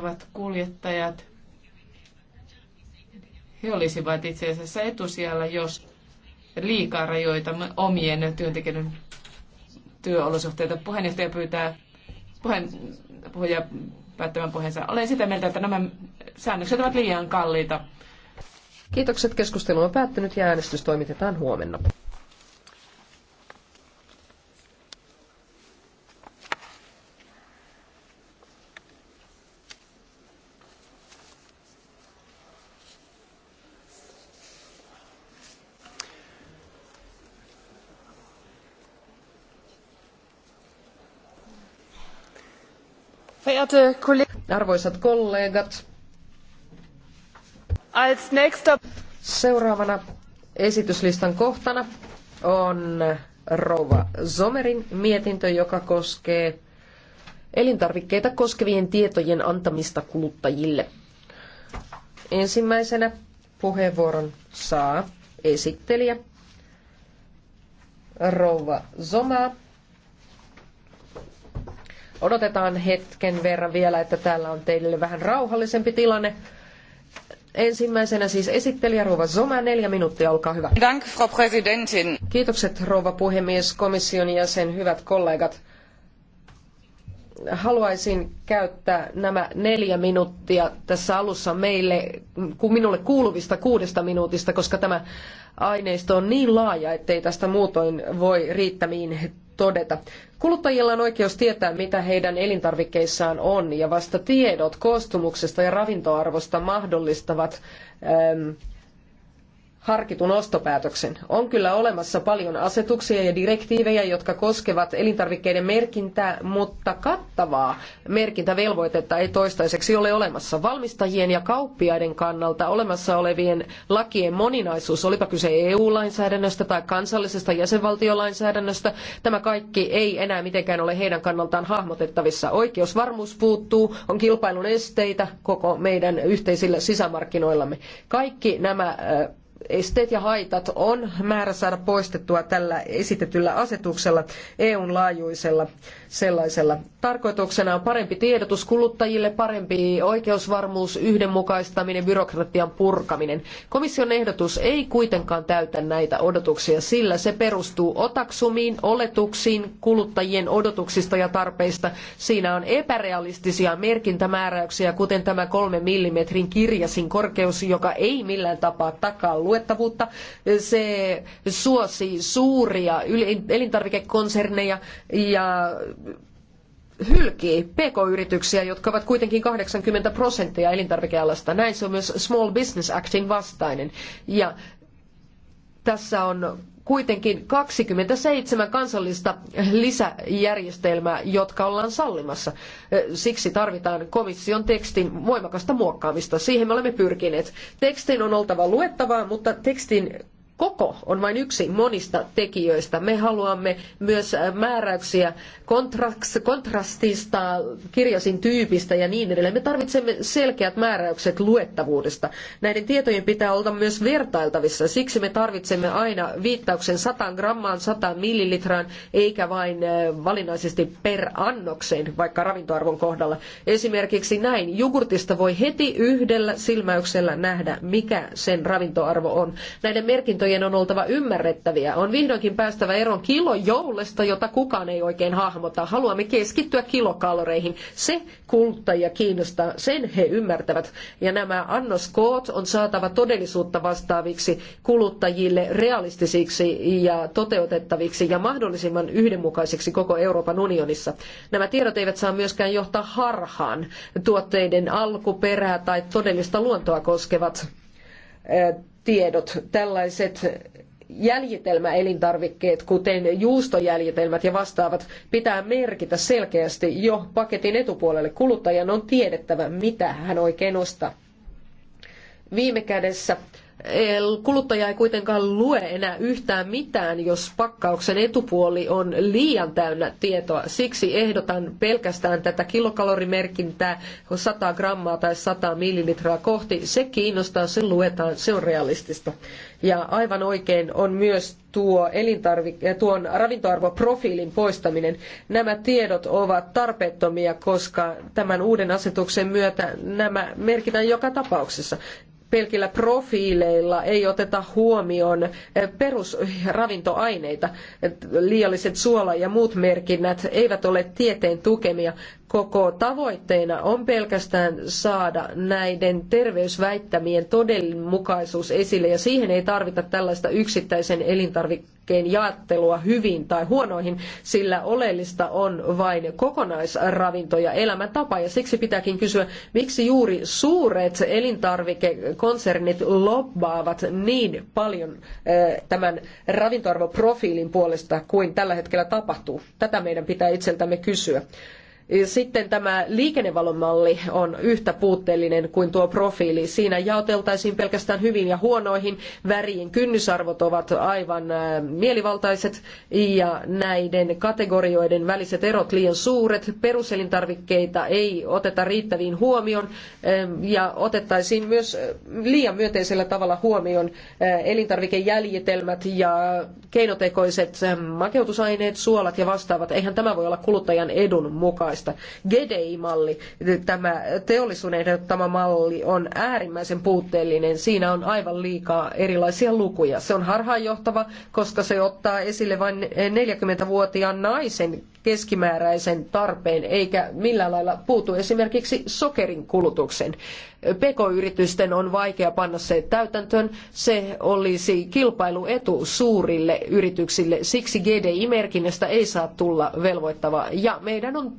tulevat kuljettajat, he olisivat itse asiassa etusijalla, jos liikaa rajoitamme omien työntekijöiden työolosuhteita. Puheenjohtaja pyytää puheen, puhuja päättämään puheensa. Olen sitä mieltä, että nämä säännökset ovat liian kalliita. Kiitokset. Keskustelu on päättynyt ja äänestys toimitetaan huomenna. Arvoisat kollegat, seuraavana esityslistan kohtana on Rova Zomerin mietintö, joka koskee elintarvikkeita koskevien tietojen antamista kuluttajille. Ensimmäisenä puheenvuoron saa esittelijä Rova Zomaa. Odotetaan hetken verran vielä, että täällä on teille vähän rauhallisempi tilanne. Ensimmäisenä siis esittelijä Rouva Zoma, neljä minuuttia, olkaa hyvä. Dank, Frau Präsidentin. Kiitokset Rova puhemies, komission jäsen, hyvät kollegat. Haluaisin käyttää nämä neljä minuuttia tässä alussa meille, minulle kuuluvista kuudesta minuutista, koska tämä aineisto on niin laaja, ettei tästä muutoin voi riittämiin todeta. Kuluttajilla on oikeus tietää, mitä heidän elintarvikkeissaan on, ja vasta tiedot koostumuksesta ja ravintoarvosta mahdollistavat ähm, harkitun ostopäätöksen. On kyllä olemassa paljon asetuksia ja direktiivejä, jotka koskevat elintarvikkeiden merkintää, mutta kattavaa merkintävelvoitetta ei toistaiseksi ole olemassa. Valmistajien ja kauppiaiden kannalta olemassa olevien lakien moninaisuus, olipa kyse EU-lainsäädännöstä tai kansallisesta jäsenvaltiolainsäädännöstä, tämä kaikki ei enää mitenkään ole heidän kannaltaan hahmotettavissa. Oikeusvarmuus puuttuu, on kilpailun esteitä koko meidän yhteisillä sisämarkkinoillamme. Kaikki nämä esteet ja haitat on määrä saada poistettua tällä esitetyllä asetuksella EUn laajuisella sellaisella. Tarkoituksena on parempi tiedotus kuluttajille, parempi oikeusvarmuus, yhdenmukaistaminen, byrokratian purkaminen. Komission ehdotus ei kuitenkaan täytä näitä odotuksia, sillä se perustuu otaksumiin, oletuksiin, kuluttajien odotuksista ja tarpeista. Siinä on epärealistisia merkintämääräyksiä, kuten tämä kolmen millimetrin kirjasin korkeus, joka ei millään tapaa takaa luettavuutta, se suosi suuria elintarvikekonserneja ja hylkii pk-yrityksiä, jotka ovat kuitenkin 80 prosenttia elintarvikealasta. Näin se on myös Small Business Actin vastainen. Ja tässä on kuitenkin 27 kansallista lisäjärjestelmää, jotka ollaan sallimassa. Siksi tarvitaan komission tekstin voimakasta muokkaamista. Siihen me olemme pyrkineet. Tekstin on oltava luettavaa, mutta tekstin koko on vain yksi monista tekijöistä. Me haluamme myös äh, määräyksiä kontrastista, kirjasin tyypistä ja niin edelleen. Me tarvitsemme selkeät määräykset luettavuudesta. Näiden tietojen pitää olla myös vertailtavissa. Siksi me tarvitsemme aina viittauksen 100 grammaan, 100 millilitraan, eikä vain äh, valinnaisesti per annokseen, vaikka ravintoarvon kohdalla. Esimerkiksi näin, jogurtista voi heti yhdellä silmäyksellä nähdä, mikä sen ravintoarvo on. Näiden merkintöjen kriteerien on oltava ymmärrettäviä. On vihdoinkin päästävä eroon kilojoulesta, jota kukaan ei oikein hahmota. Haluamme keskittyä kilokaloreihin. Se kuluttajia kiinnostaa, sen he ymmärtävät. Ja nämä annoskoot on saatava todellisuutta vastaaviksi kuluttajille realistisiksi ja toteutettaviksi ja mahdollisimman yhdenmukaisiksi koko Euroopan unionissa. Nämä tiedot eivät saa myöskään johtaa harhaan tuotteiden alkuperää tai todellista luontoa koskevat eh, tiedot, tällaiset jäljitelmäelintarvikkeet, kuten juustojäljitelmät ja vastaavat, pitää merkitä selkeästi jo paketin etupuolelle. Kuluttajan on tiedettävä, mitä hän oikein ostaa. Viime kädessä Kuluttaja ei kuitenkaan lue enää yhtään mitään, jos pakkauksen etupuoli on liian täynnä tietoa. Siksi ehdotan pelkästään tätä kilokalorimerkintää 100 grammaa tai 100 millilitraa kohti. Se kiinnostaa, se luetaan, se on realistista. Ja aivan oikein on myös tuo elintarvike, eh, tuon ravintoarvoprofiilin poistaminen. Nämä tiedot ovat tarpeettomia, koska tämän uuden asetuksen myötä nämä merkitään joka tapauksessa pelkillä profiileilla ei oteta huomioon eh, perusravintoaineita. Liialliset suola- ja muut merkinnät eivät ole tieteen tukemia, koko tavoitteena on pelkästään saada näiden terveysväittämien todenmukaisuus esille ja siihen ei tarvita tällaista yksittäisen elintarvikkeen jaottelua hyviin tai huonoihin, sillä oleellista on vain kokonaisravinto ja elämäntapa ja siksi pitääkin kysyä, miksi juuri suuret elintarvikekonsernit lobbaavat niin paljon eh, tämän ravintoarvoprofiilin puolesta kuin tällä hetkellä tapahtuu. Tätä meidän pitää itseltämme kysyä. Sitten tämä liikennevalomalli on yhtä puutteellinen kuin tuo profiili. Siinä jaoteltaisiin pelkästään hyvin ja huonoihin. väriin. kynnysarvot ovat aivan äh, mielivaltaiset ja näiden kategorioiden väliset erot liian suuret. Peruselintarvikkeita ei oteta riittäviin huomioon ähm, ja otettaisiin myös äh, liian myönteisellä tavalla huomioon äh, elintarvikejäljitelmät ja keinotekoiset ähm, makeutusaineet, suolat ja vastaavat. Eihän tämä voi olla kuluttajan edun mukaan mukaista. GDI-malli, tämä teollisuuden ehdottama malli on äärimmäisen puutteellinen. Siinä on aivan liikaa erilaisia lukuja. Se on harhaanjohtava, koska se ottaa esille vain 40-vuotiaan naisen keskimääräisen tarpeen, eikä millään lailla puutu esimerkiksi sokerin kulutukseen. PK-yritysten on vaikea panna se täytäntöön. Se olisi kilpailuetu suurille yrityksille. Siksi GDI-merkinnästä ei saa tulla velvoittava. Ja meidän on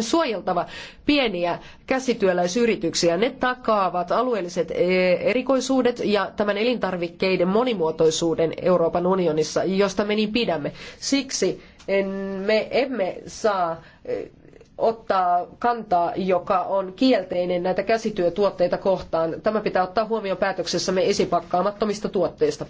suojeltava pieniä käsityöläisyrityksiä. Ne takaavat alueelliset e, erikoisuudet ja tämän elintarvikkeiden monimuotoisuuden Euroopan unionissa, josta me niin pidämme. Siksi me emme saa e, ottaa kantaa, joka on kielteinen näitä käsityötuotteita kohtaan. Tämä pitää ottaa huomioon päätöksessämme esipakkaamattomista tuotteista.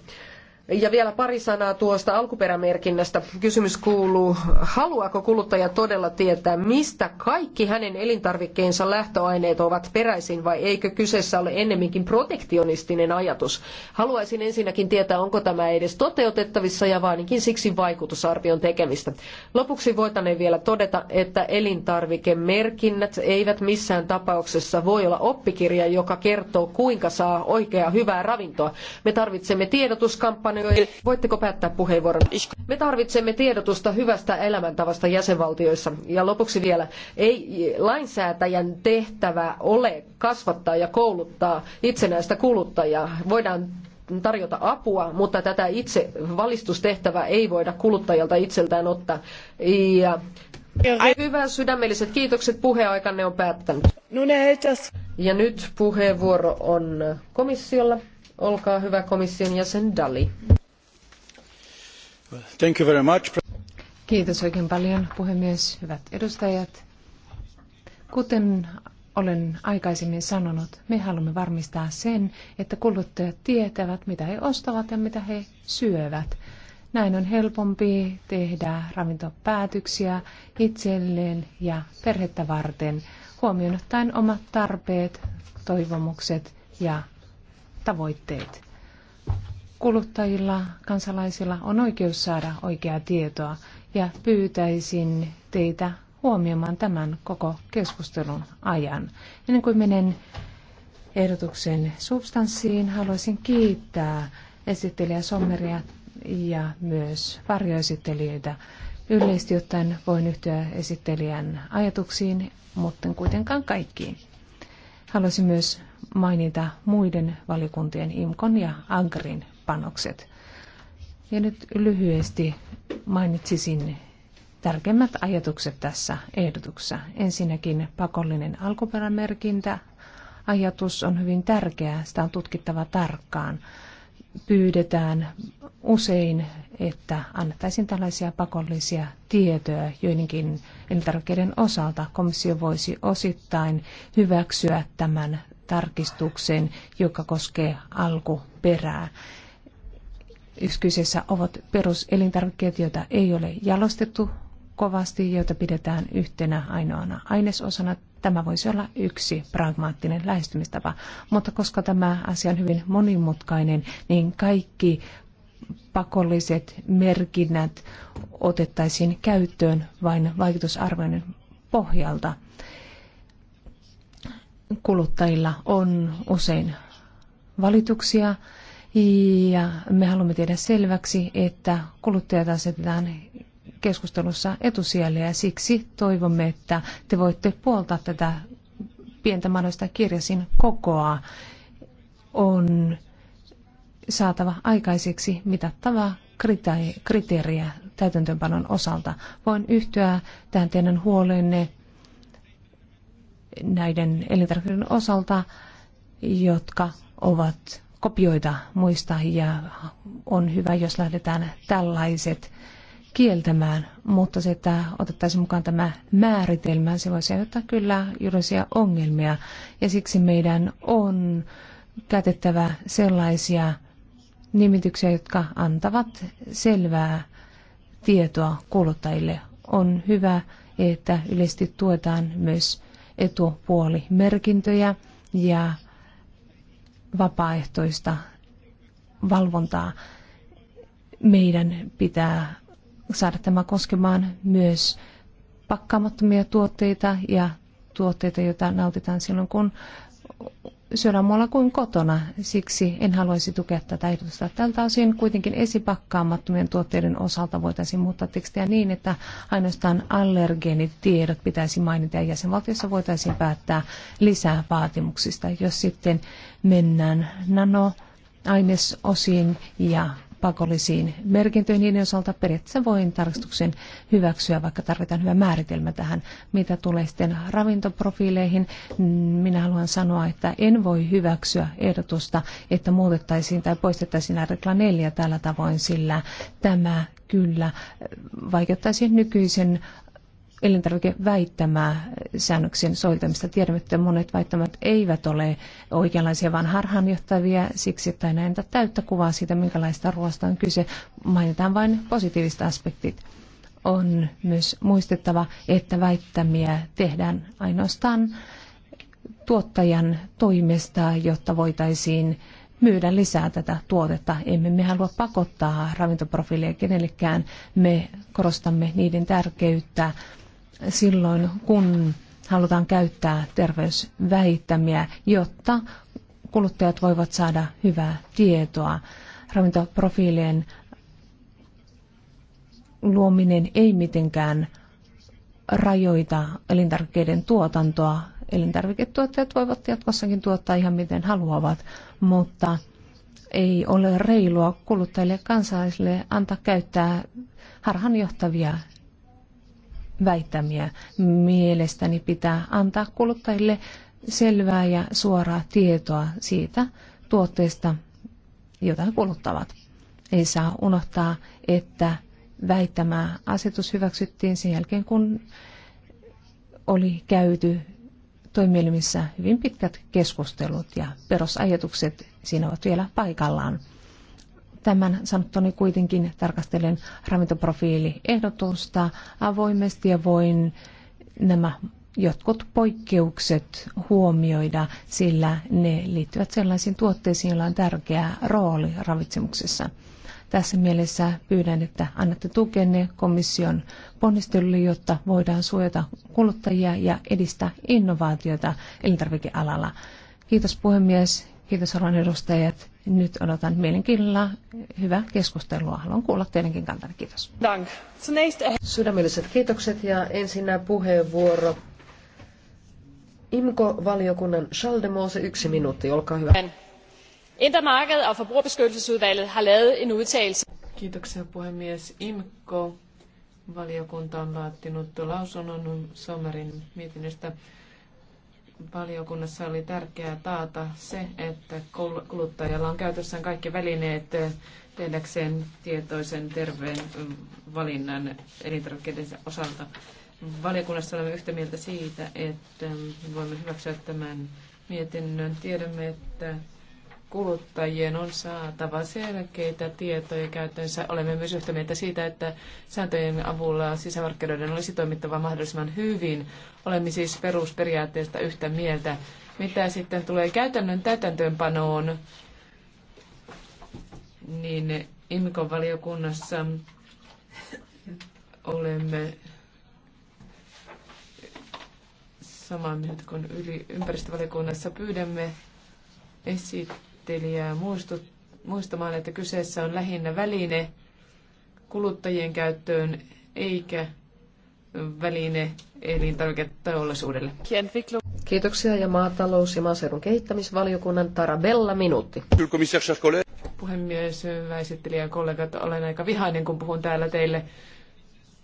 Ja vielä pari sanaa tuosta alkuperämerkinnästä. Kysymys kuuluu, haluaako kuluttaja todella tietää, mistä kaikki hänen elintarvikkeensa lähtöaineet ovat peräisin vai eikö kyseessä ole ennemminkin protektionistinen ajatus? Haluaisin ensinnäkin tietää, onko tämä edes toteutettavissa ja vaanikin siksi vaikutusarvion tekemistä. Lopuksi voitaneen vielä todeta, että elintarvikemerkinnät eivät missään tapauksessa voi olla oppikirja, joka kertoo, kuinka saa oikeaa hyvää ravintoa. Me tarvitsemme tiedotuskampanjaa Romanioi, voitteko päättää puheenvuoron? Me tarvitsemme tiedotusta hyvästä elämäntavasta jäsenvaltioissa. Ja lopuksi vielä, ei lainsäätäjän tehtävä ole kasvattaa ja kouluttaa itsenäistä kuluttajaa. Voidaan tarjota apua, mutta tätä itse valistustehtävää ei voida kuluttajalta itseltään ottaa. Ja Hyvä sydämelliset kiitokset, puheaikanne on päättänyt. Ja nyt puheenvuoro on komissiolla. Olkaa hyvä komission jäsen Dali. Thank you very much. Kiitos oikein paljon puhemies, hyvät edustajat. Kuten olen aikaisemmin sanonut, me haluamme varmistaa sen, että kuluttajat tietävät, mitä he ostavat ja mitä he syövät. Näin on helpompi tehdä ravintopäätöksiä itselleen ja perhettä varten, huomioon ottaen omat tarpeet, toivomukset ja tavoitteet. Kuluttajilla, kansalaisilla on oikeus saada oikeaa tietoa ja pyytäisin teitä huomioimaan tämän koko keskustelun ajan. Ennen kuin menen ehdotuksen substanssiin, haluaisin kiittää esittelijä Sommeria ja myös varjoesittelijöitä. Yleisesti ottaen voin yhtyä esittelijän ajatuksiin, mutta kuitenkaan kaikkiin. Haluaisin myös mainita muiden valikuntien IMKON ja AGRIN panokset. Ja nyt lyhyesti mainitsisin tärkeimmät ajatukset tässä ehdotuksessa. Ensinnäkin pakollinen alkuperämerkintä. Ajatus on hyvin tärkeä, sitä on tutkittava tarkkaan. Pyydetään usein, että annettaisiin tällaisia pakollisia tietoja joidenkin elintarvikkeiden osalta. Komissio voisi osittain hyväksyä tämän tarkistukseen, joka koskee alkuperää. Kyseessä ovat peruselintarvikkeet, joita ei ole jalostettu kovasti, joita pidetään yhtenä ainoana ainesosana. Tämä voisi olla yksi pragmaattinen lähestymistapa, mutta koska tämä asia on hyvin monimutkainen, niin kaikki pakolliset merkinnät otettaisiin käyttöön vain vaikutusarvioinnin pohjalta kuluttajilla on usein valituksia ja me haluamme tehdä selväksi, että kuluttajat asetetaan keskustelussa etusijalle ja siksi toivomme, että te voitte puoltaa tätä pientä mahdollista kirjasin kokoa. On saatava aikaiseksi mitattava kriteeriä täytäntöönpanon osalta. Voin yhtyä tähän teidän huoleenne näiden elintarvikkeiden osalta, jotka ovat kopioita muista ja on hyvä, jos lähdetään tällaiset kieltämään, mutta se, että otettaisiin mukaan tämä määritelmä, se voisi aiheuttaa kyllä juridisia ongelmia ja siksi meidän on käytettävä sellaisia nimityksiä, jotka antavat selvää tietoa kuluttajille. On hyvä, että yleisesti tuetaan myös etupuolimerkintöjä ja vapaaehtoista valvontaa. Meidän pitää saada tämä koskemaan myös pakkaamattomia tuotteita ja tuotteita, joita nautitaan silloin, kun syödä muualla kuin kotona. Siksi en haluaisi tukea tätä ehdotusta. Tältä osin kuitenkin esipakkaamattomien tuotteiden osalta voitaisiin muuttaa tekstiä niin, että ainoastaan allergeenitiedot pitäisi mainita ja jäsenvaltiossa voitaisiin päättää lisää vaatimuksista. Jos sitten mennään nano ainesosiin ja pakollisiin merkintöihin niiden osalta periaatteessa voin tarkastuksen hyväksyä, vaikka tarvitaan hyvä määritelmä tähän, mitä tulee sitten ravintoprofiileihin. Minä haluan sanoa, että en voi hyväksyä ehdotusta, että muutettaisiin tai poistettaisiin artikla 4 tällä tavoin, sillä tämä kyllä vaikeuttaisi nykyisen elintarvikeväittämää säännöksen soiltamista. Tiedämme, että monet väittämät eivät ole oikeanlaisia, vaan harhaanjohtavia siksi, että ei näitä täyttä kuvaa siitä, minkälaista ruoasta on kyse. Mainitaan vain positiiviset aspektit. On myös muistettava, että väittämiä tehdään ainoastaan tuottajan toimesta, jotta voitaisiin myydä lisää tätä tuotetta. Emme me halua pakottaa ravintoprofiilia kenellekään. Me korostamme niiden tärkeyttä silloin, kun halutaan käyttää terveysväittämiä, jotta kuluttajat voivat saada hyvää tietoa. Ravintoprofiilien luominen ei mitenkään rajoita elintarvikkeiden tuotantoa. Elintarviketuottajat voivat jatkossakin tuottaa ihan miten haluavat, mutta ei ole reilua kuluttajille kansalaisille antaa käyttää harhanjohtavia väittämiä. Mielestäni pitää antaa kuluttajille selvää ja suoraa tietoa siitä tuotteesta, jota he kuluttavat. Ei saa unohtaa, että väittämä asetus hyväksyttiin sen jälkeen, kun oli käyty toimielimissä hyvin pitkät keskustelut ja perusajatukset siinä ovat vielä paikallaan. Tämän sanottoni kuitenkin tarkastelen ravintoprofiiliehdotusta avoimesti ja voin nämä jotkut poikkeukset huomioida, sillä ne liittyvät sellaisiin tuotteisiin, joilla on tärkeä rooli ravitsemuksessa. Tässä mielessä pyydän, että annatte tukenne komission ponnistelulle, jotta voidaan suojata kuluttajia ja edistää innovaatiota elintarvikealalla. Kiitos puhemies Kiitos alan edustajat. Nyt odotan mielenkiinnolla hyvää keskustelua. Haluan kuulla teidänkin kantanne. Kiitos. Dank. Eh- Sydämelliset kiitokset ja ensin puheenvuoro. IMKO-valiokunnan Schaldemose, yksi minuutti, olkaa hyvä. Intermarket ja og Forbrugerbeskyttelsesudvalget har lavet en udtalelse. Kiitoksia puhemies. IMKO-valiokunta on laatinut lausunnon Sommerin mietinnöstä valiokunnassa oli tärkeää taata se, että kuluttajalla on käytössään kaikki välineet tehdäkseen tietoisen terveen mm, valinnan elintarvikkeiden osalta. Valiokunnassa olemme yhtä mieltä siitä, että voimme hyväksyä tämän mietinnön. Tiedämme, että kuluttajien on saatava selkeitä tietoja käyttöönsä. Olemme myös yhtä mieltä siitä, että sääntöjen avulla sisämarkkinoiden olisi toimittava mahdollisimman hyvin. Olemme siis perusperiaatteesta yhtä mieltä. Mitä sitten tulee käytännön täytäntöönpanoon, niin IMKon valiokunnassa olemme samaa mieltä kuin yli ympäristövaliokunnassa pyydämme esittää esittelijää muistut, muistamaan, että kyseessä on lähinnä väline kuluttajien käyttöön eikä väline elintarviketeollisuudelle. Kiitoksia ja maatalous- ja maaseudun kehittämisvaliokunnan Tarabella minuutti. Puhemies, hyvä esittelijä kollegat, olen aika vihainen kun puhun täällä teille,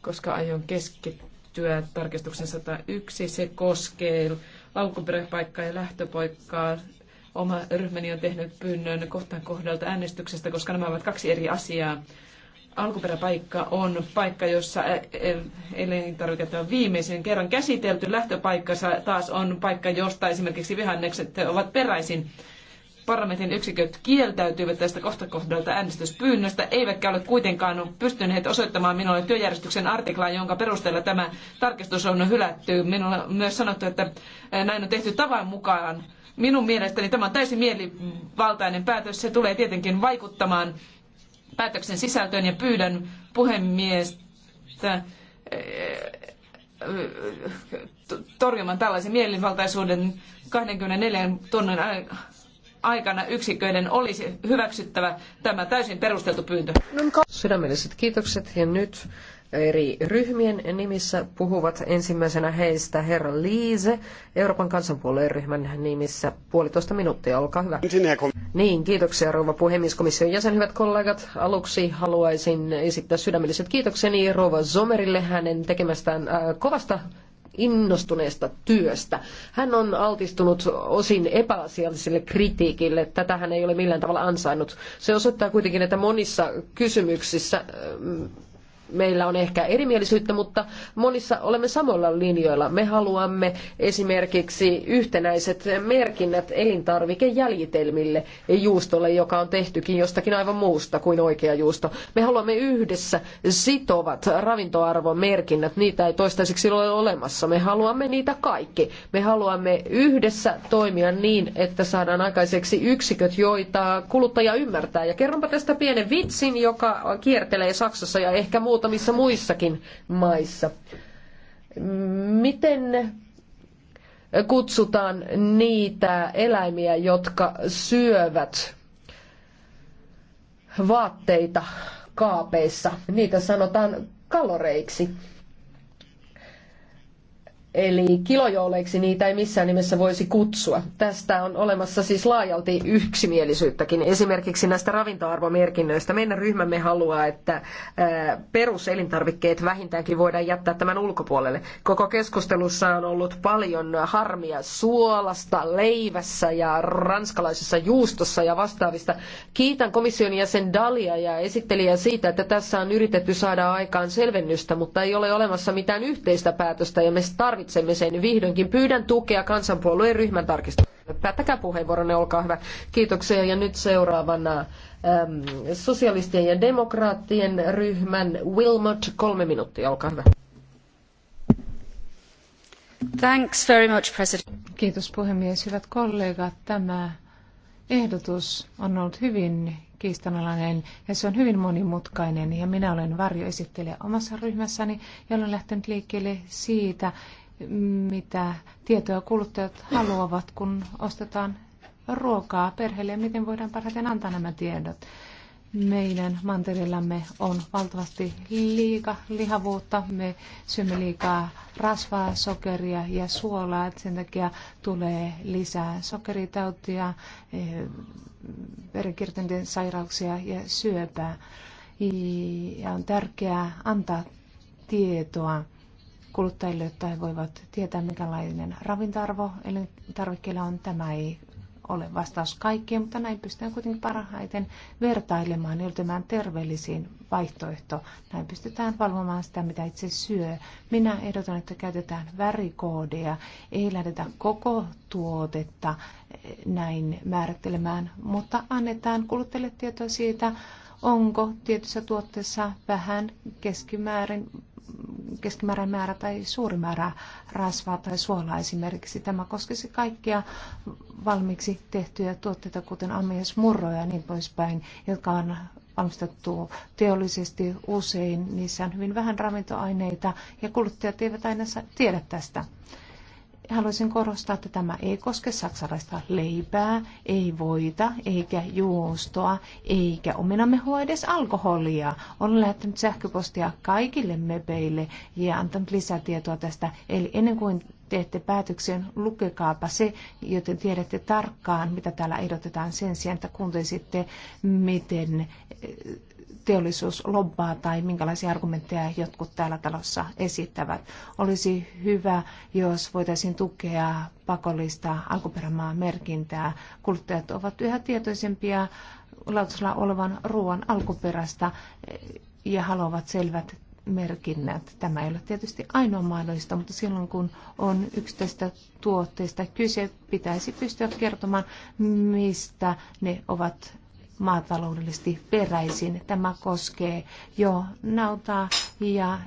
koska aion keskittyä tarkistuksen 101. Se koskee alkuperäpaikkaa ja lähtöpaikkaa Oma ryhmäni on tehnyt pyynnön kohtaan kohdalta äänestyksestä, koska nämä ovat kaksi eri asiaa. Alkuperäpaikka on paikka, jossa elintarviketta on viimeisen kerran käsitelty. Lähtöpaikka taas on paikka, josta esimerkiksi vihannekset ovat peräisin parlamentin yksiköt kieltäytyivät tästä kohdalta äänestyspyynnöstä, eivätkä ole kuitenkaan pystyneet osoittamaan minulle työjärjestyksen artiklaa, jonka perusteella tämä tarkistus on hylätty. Minulle on myös sanottu, että näin on tehty tavan mukaan Minun mielestäni tämä on täysin mielivaltainen päätös. Se tulee tietenkin vaikuttamaan päätöksen sisältöön ja pyydän puhemiestä eh, eh, torjumaan tällaisen mielivaltaisuuden 24 tunnin aikana yksiköiden olisi hyväksyttävä tämä täysin perusteltu pyyntö. Sydämelliset kiitokset ja nyt eri ryhmien nimissä puhuvat. Ensimmäisenä heistä herra Liise, Euroopan kansanpuolueen ryhmän nimissä puolitoista minuuttia, olkaa hyvä. Niin, kiitoksia rouva puhemies, komission jäsen, hyvät kollegat. Aluksi haluaisin esittää sydämelliset kiitokseni rouva Zomerille hänen tekemästään äh, kovasta innostuneesta työstä. Hän on altistunut osin epäasialliselle kritiikille. Tätä hän ei ole millään tavalla ansainnut. Se osoittaa kuitenkin, että monissa kysymyksissä äh, meillä on ehkä erimielisyyttä, mutta monissa olemme samoilla linjoilla. Me haluamme esimerkiksi yhtenäiset merkinnät elintarvikejäljitelmille juustolle, joka on tehtykin jostakin aivan muusta kuin oikea juusto. Me haluamme yhdessä sitovat ravintoarvomerkinnät, niitä ei toistaiseksi ole olemassa. Me haluamme niitä kaikki. Me haluamme yhdessä toimia niin, että saadaan aikaiseksi yksiköt, joita kuluttaja ymmärtää. Ja kerronpa tästä pienen vitsin, joka kiertelee Saksassa ja ehkä muut muutamissa muissakin maissa. Miten kutsutaan niitä eläimiä, jotka syövät vaatteita kaapeissa? Niitä sanotaan kaloreiksi. Eli kilojouleiksi niitä ei missään nimessä voisi kutsua. Tästä on olemassa siis laajalti yksimielisyyttäkin. Esimerkiksi näistä ravintoarvomerkinnöistä. Meidän ryhmämme haluaa, että peruselintarvikkeet vähintäänkin voidaan jättää tämän ulkopuolelle. Koko keskustelussa on ollut paljon harmia suolasta, leivässä ja ranskalaisessa juustossa ja vastaavista. Kiitän komission jäsen Dalia ja esittelijää siitä, että tässä on yritetty saada aikaan selvennystä, mutta ei ole olemassa mitään yhteistä päätöstä ja me tarvitsemme tarvitsemiseen niin vihdoinkin. Pyydän tukea kansanpuolueen ryhmän tarkistukselle. Päättäkää puheenvuoronne, olkaa hyvä. Kiitoksia ja nyt seuraavana äm, sosialistien ja demokraattien ryhmän Wilmot, kolme minuuttia, olkaa hyvä. Thanks very much, President. Kiitos puhemies. Hyvät kollegat, tämä ehdotus on ollut hyvin kiistanalainen ja se on hyvin monimutkainen ja minä olen varjoesittelijä omassa ryhmässäni ja olen lähtenyt liikkeelle siitä, mitä tietoja kuluttajat haluavat, kun ostetaan ruokaa perheelle ja miten voidaan parhaiten antaa nämä tiedot. Meidän mantereellamme on valtavasti liika lihavuutta. Me syömme liikaa rasvaa, sokeria ja suolaa. Et sen takia tulee lisää sokeritautia, eh, verenkiertojen sairauksia ja syöpää. Ja on tärkeää antaa tietoa kuluttajille, jotta he voivat tietää, minkälainen ravintarvo elintarvikkeella on. Tämä ei ole vastaus kaikkeen, mutta näin pystytään kuitenkin parhaiten vertailemaan ja löytämään terveellisiin vaihtoehto. Näin pystytään valvomaan sitä, mitä itse syö. Minä ehdotan, että käytetään värikoodeja. Ei lähdetä koko tuotetta eh, näin määrittelemään, mutta annetaan kuluttajille tietoa siitä, onko tietyssä tuotteessa vähän keskimäärin keskimääräinen määrä tai suuri määrä rasvaa tai suolaa esimerkiksi. Tämä koskisi kaikkia valmiiksi tehtyjä tuotteita, kuten ammiesmurroja ja niin poispäin, jotka on valmistettu teollisesti usein. Niissä on hyvin vähän ravintoaineita ja kuluttajat eivät aina tiedä tästä haluaisin korostaa, että tämä ei koske saksalaista leipää, ei voita, eikä juustoa, eikä ominamehua edes alkoholia. Olen lähettänyt sähköpostia kaikille mepeille ja antanut lisätietoa tästä. Eli ennen kuin teette päätöksen, lukekaapa se, joten tiedätte tarkkaan, mitä täällä ehdotetaan sen sijaan, että kuuntelisitte, miten teollisuus lobbaa tai minkälaisia argumentteja jotkut täällä talossa esittävät. Olisi hyvä, jos voitaisiin tukea pakollista alkuperämaa merkintää. Kuluttajat ovat yhä tietoisempia lautasella olevan ruoan alkuperästä eh, ja haluavat selvät merkinnät. Tämä ei ole tietysti ainoa mahdollista, mutta silloin kun on yksittäistä tuotteista kyse, pitäisi pystyä kertomaan, mistä ne ovat maataloudellisesti peräisin. Tämä koskee jo nautaa ja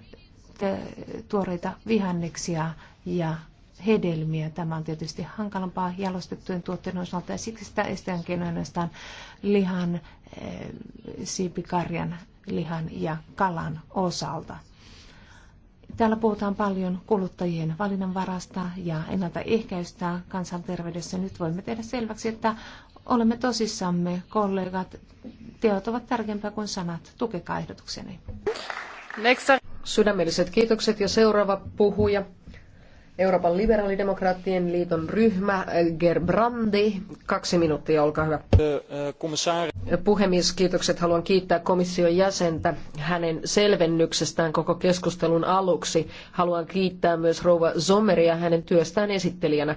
tuoreita vihanneksia ja hedelmiä. Tämä on tietysti hankalampaa jalostettujen tuotteiden osalta ja siksi sitä estetään ainoastaan lihan, eh, siipikarjan, lihan ja kalan osalta. Täällä puhutaan paljon kuluttajien valinnanvarasta ja ennaltaehkäystä kansanterveydessä. Nyt voimme tehdä selväksi, että olemme tosissamme, kollegat. Teot ovat tärkeämpää kuin sanat. Tukekaa ehdotukseni. Next. Sydämelliset kiitokset ja seuraava puhuja. Euroopan liberaalidemokraattien liiton ryhmä, äh, Gerbrandi. Kaksi minuuttia, olkaa hyvä. Äh, äh, Puhemies, kiitokset. Haluan kiittää komission jäsentä hänen selvennyksestään koko keskustelun aluksi. Haluan kiittää myös rouva Sommeria hänen työstään esittelijänä.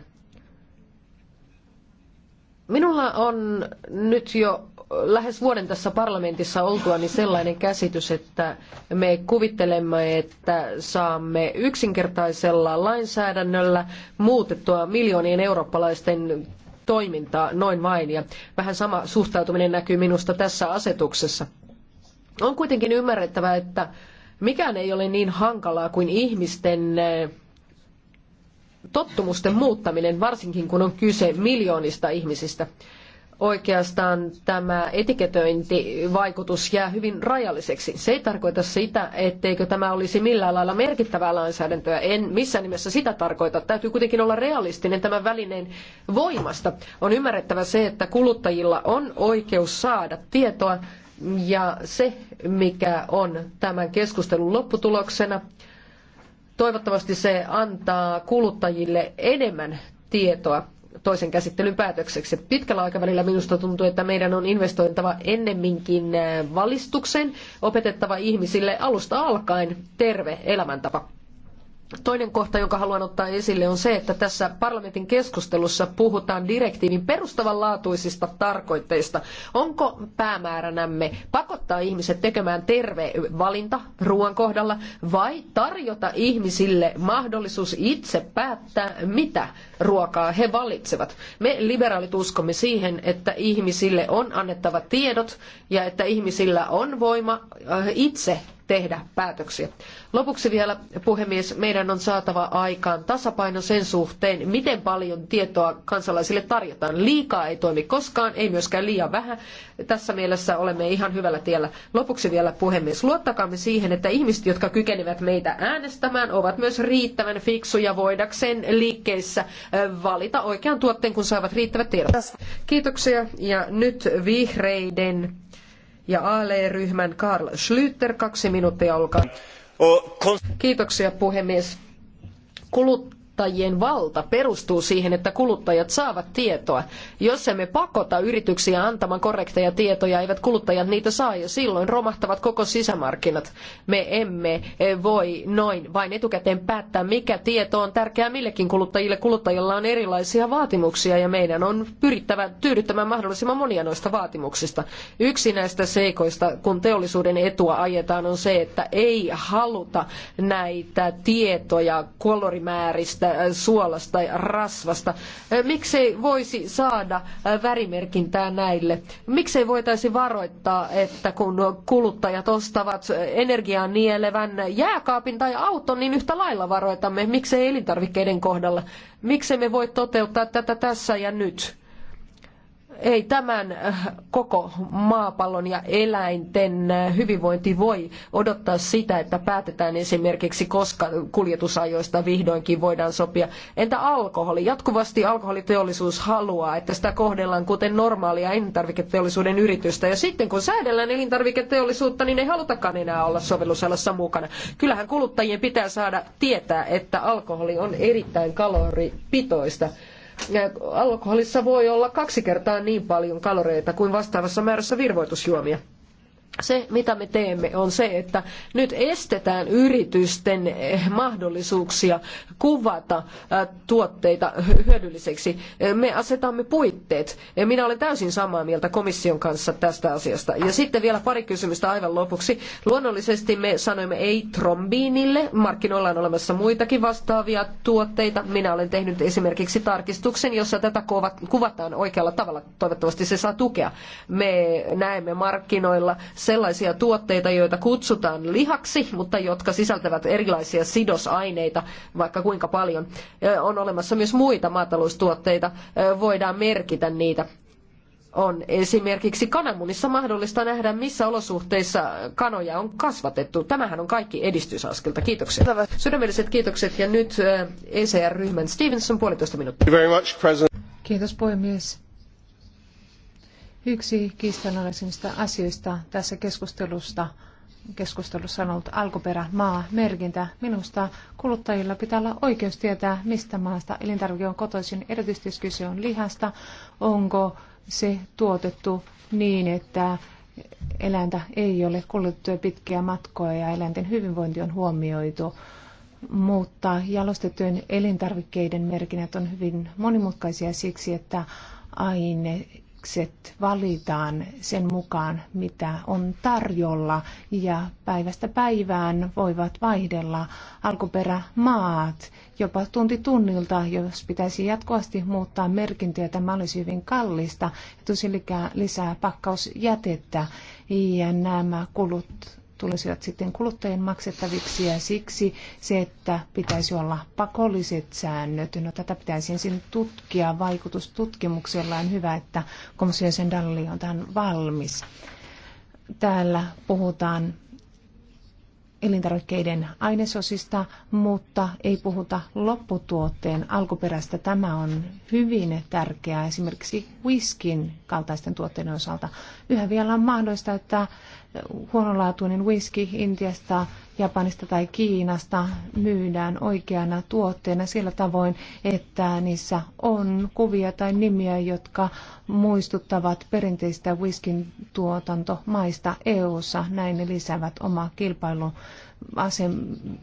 Minulla on nyt jo lähes vuoden tässä parlamentissa oltuani sellainen käsitys, että me kuvittelemme, että saamme yksinkertaisella lainsäädännöllä muutettua miljoonien eurooppalaisten toimintaa noin vain. Ja vähän sama suhtautuminen näkyy minusta tässä asetuksessa. On kuitenkin ymmärrettävä, että mikään ei ole niin hankalaa kuin ihmisten eh, tottumusten muuttaminen, varsinkin kun on kyse miljoonista ihmisistä. Oikeastaan tämä etiketöintivaikutus jää hyvin rajalliseksi. Se ei tarkoita sitä, etteikö tämä olisi millään lailla merkittävää lainsäädäntöä. En missään nimessä sitä tarkoita. Täytyy kuitenkin olla realistinen tämän välineen voimasta. On ymmärrettävä se, että kuluttajilla on oikeus saada tietoa ja se, mikä on tämän keskustelun lopputuloksena, Toivottavasti se antaa kuluttajille enemmän tietoa toisen käsittelyn päätökseksi. Pitkällä aikavälillä minusta tuntuu, että meidän on investointava ennemminkin äh, valistuksen, opetettava ihmisille alusta alkaen terve elämäntapa. Toinen kohta, jonka haluan ottaa esille, on se, että tässä parlamentin keskustelussa puhutaan direktiivin perustavanlaatuisista tarkoitteista. Onko päämääränämme pakottaa ihmiset tekemään terve valinta ruoan kohdalla vai tarjota ihmisille mahdollisuus itse päättää, mitä ruokaa he valitsevat? Me liberaalit uskomme siihen, että ihmisille on annettava tiedot ja että ihmisillä on voima äh, itse tehdä päätöksiä. Lopuksi vielä, puhemies, meidän on saatava aikaan tasapaino sen suhteen, miten paljon tietoa kansalaisille tarjotaan. Liikaa ei toimi koskaan, ei myöskään liian vähän. Tässä mielessä olemme ihan hyvällä tiellä. Lopuksi vielä, puhemies, luottakaamme siihen, että ihmiset, jotka kykenevät meitä äänestämään, ovat myös riittävän fiksuja voidakseen liikkeissä valita oikean tuotteen, kun saavat riittävät tiedot. Kiitoksia ja nyt vihreiden ja ALE-ryhmän Karl Schlüter. Kaksi minuuttia, olkaa. Kiitoksia puhemies. Kulut kuluttajien valta perustuu siihen, että kuluttajat saavat tietoa. Jos emme pakota yrityksiä antamaan korrekteja tietoja, eivät kuluttajat niitä saa ja silloin romahtavat koko sisämarkkinat. Me emme voi noin vain etukäteen päättää, mikä tieto on tärkeää millekin kuluttajille. Kuluttajilla on erilaisia vaatimuksia ja meidän on pyrittävä tyydyttämään mahdollisimman monia noista vaatimuksista. Yksi näistä seikoista, kun teollisuuden etua ajetaan, on se, että ei haluta näitä tietoja kolorimääristä pelkästä suolasta tai rasvasta. Miksei voisi saada värimerkintää näille? Miksei voitaisi varoittaa, että kun kuluttajat ostavat energiaa nielevän jääkaapin tai auton, niin yhtä lailla varoitamme. Miksei elintarvikkeiden kohdalla? Miksei me voi toteuttaa tätä tässä ja nyt? ei tämän äh, koko maapallon ja eläinten äh, hyvinvointi voi odottaa sitä, että päätetään esimerkiksi, koska kuljetusajoista vihdoinkin voidaan sopia. Entä alkoholi? Jatkuvasti alkoholiteollisuus haluaa, että sitä kohdellaan kuten normaalia elintarviketeollisuuden yritystä. Ja sitten kun säädellään elintarviketeollisuutta, niin ei halutakaan enää olla sovellusalassa mukana. Kyllähän kuluttajien pitää saada tietää, että alkoholi on erittäin kaloripitoista alkoholissa voi olla kaksi kertaa niin paljon kaloreita kuin vastaavassa määrässä virvoitusjuomia se, mitä me teemme, on se, että nyt estetään yritysten eh, mahdollisuuksia kuvata eh, tuotteita hyödylliseksi. Eh, me asetamme puitteet. Minä olen täysin samaa mieltä komission kanssa tästä asiasta. Ja sitten vielä pari kysymystä aivan lopuksi. Luonnollisesti me sanoimme ei trombiinille. Markkinoilla on olemassa muitakin vastaavia tuotteita. Minä olen tehnyt esimerkiksi tarkistuksen, jossa tätä kuvataan oikealla tavalla. Toivottavasti se saa tukea. Me näemme markkinoilla sellaisia tuotteita, joita kutsutaan lihaksi, mutta jotka sisältävät erilaisia sidosaineita vaikka kuinka paljon. On olemassa myös muita maataloustuotteita, voidaan merkitä niitä on esimerkiksi kananmunissa mahdollista nähdä, missä olosuhteissa kanoja on kasvatettu. Tämähän on kaikki edistysaskelta. Kiitoksia. Sydämelliset kiitokset ja nyt ECR-ryhmän Stevenson puolitoista minuuttia. Kiitos puhemies. Yksi kiistanalaisimmista asioista tässä keskustelusta keskustelussa on ollut alkuperä, maa, merkintä. Minusta kuluttajilla pitää olla oikeus tietää, mistä maasta elintarvike on kotoisin, erityisesti jos kyse on lihasta, onko se tuotettu niin, että eläintä ei ole kuljetettu pitkiä matkoja ja eläinten hyvinvointi on huomioitu. Mutta jalostettujen elintarvikkeiden merkinnät on hyvin monimutkaisia siksi, että aine lapset valitaan sen mukaan, mitä on tarjolla ja päivästä päivään voivat vaihdella alkuperämaat jopa tunti tunnilta, jos pitäisi jatkuvasti muuttaa merkintöjä. Tämä olisi hyvin kallista ja tosi lisää pakkausjätettä ja nämä kulut tulisivat sitten kuluttajien maksettaviksi ja siksi se, että pitäisi olla pakolliset säännöt, no tätä pitäisi ensin tutkia vaikutustutkimuksella. On hyvä, että komissio sen dalli on tähän valmis. Täällä puhutaan elintarvikkeiden ainesosista, mutta ei puhuta lopputuotteen alkuperästä. Tämä on hyvin tärkeää esimerkiksi whiskin kaltaisten tuotteiden osalta. Yhä vielä on mahdollista, että huonolaatuinen whisky Intiasta, Japanista tai Kiinasta myydään oikeana tuotteena sillä tavoin, että niissä on kuvia tai nimiä, jotka muistuttavat perinteistä whiskin tuotantomaista EU-ssa. Näin ne lisäävät omaa kilpailun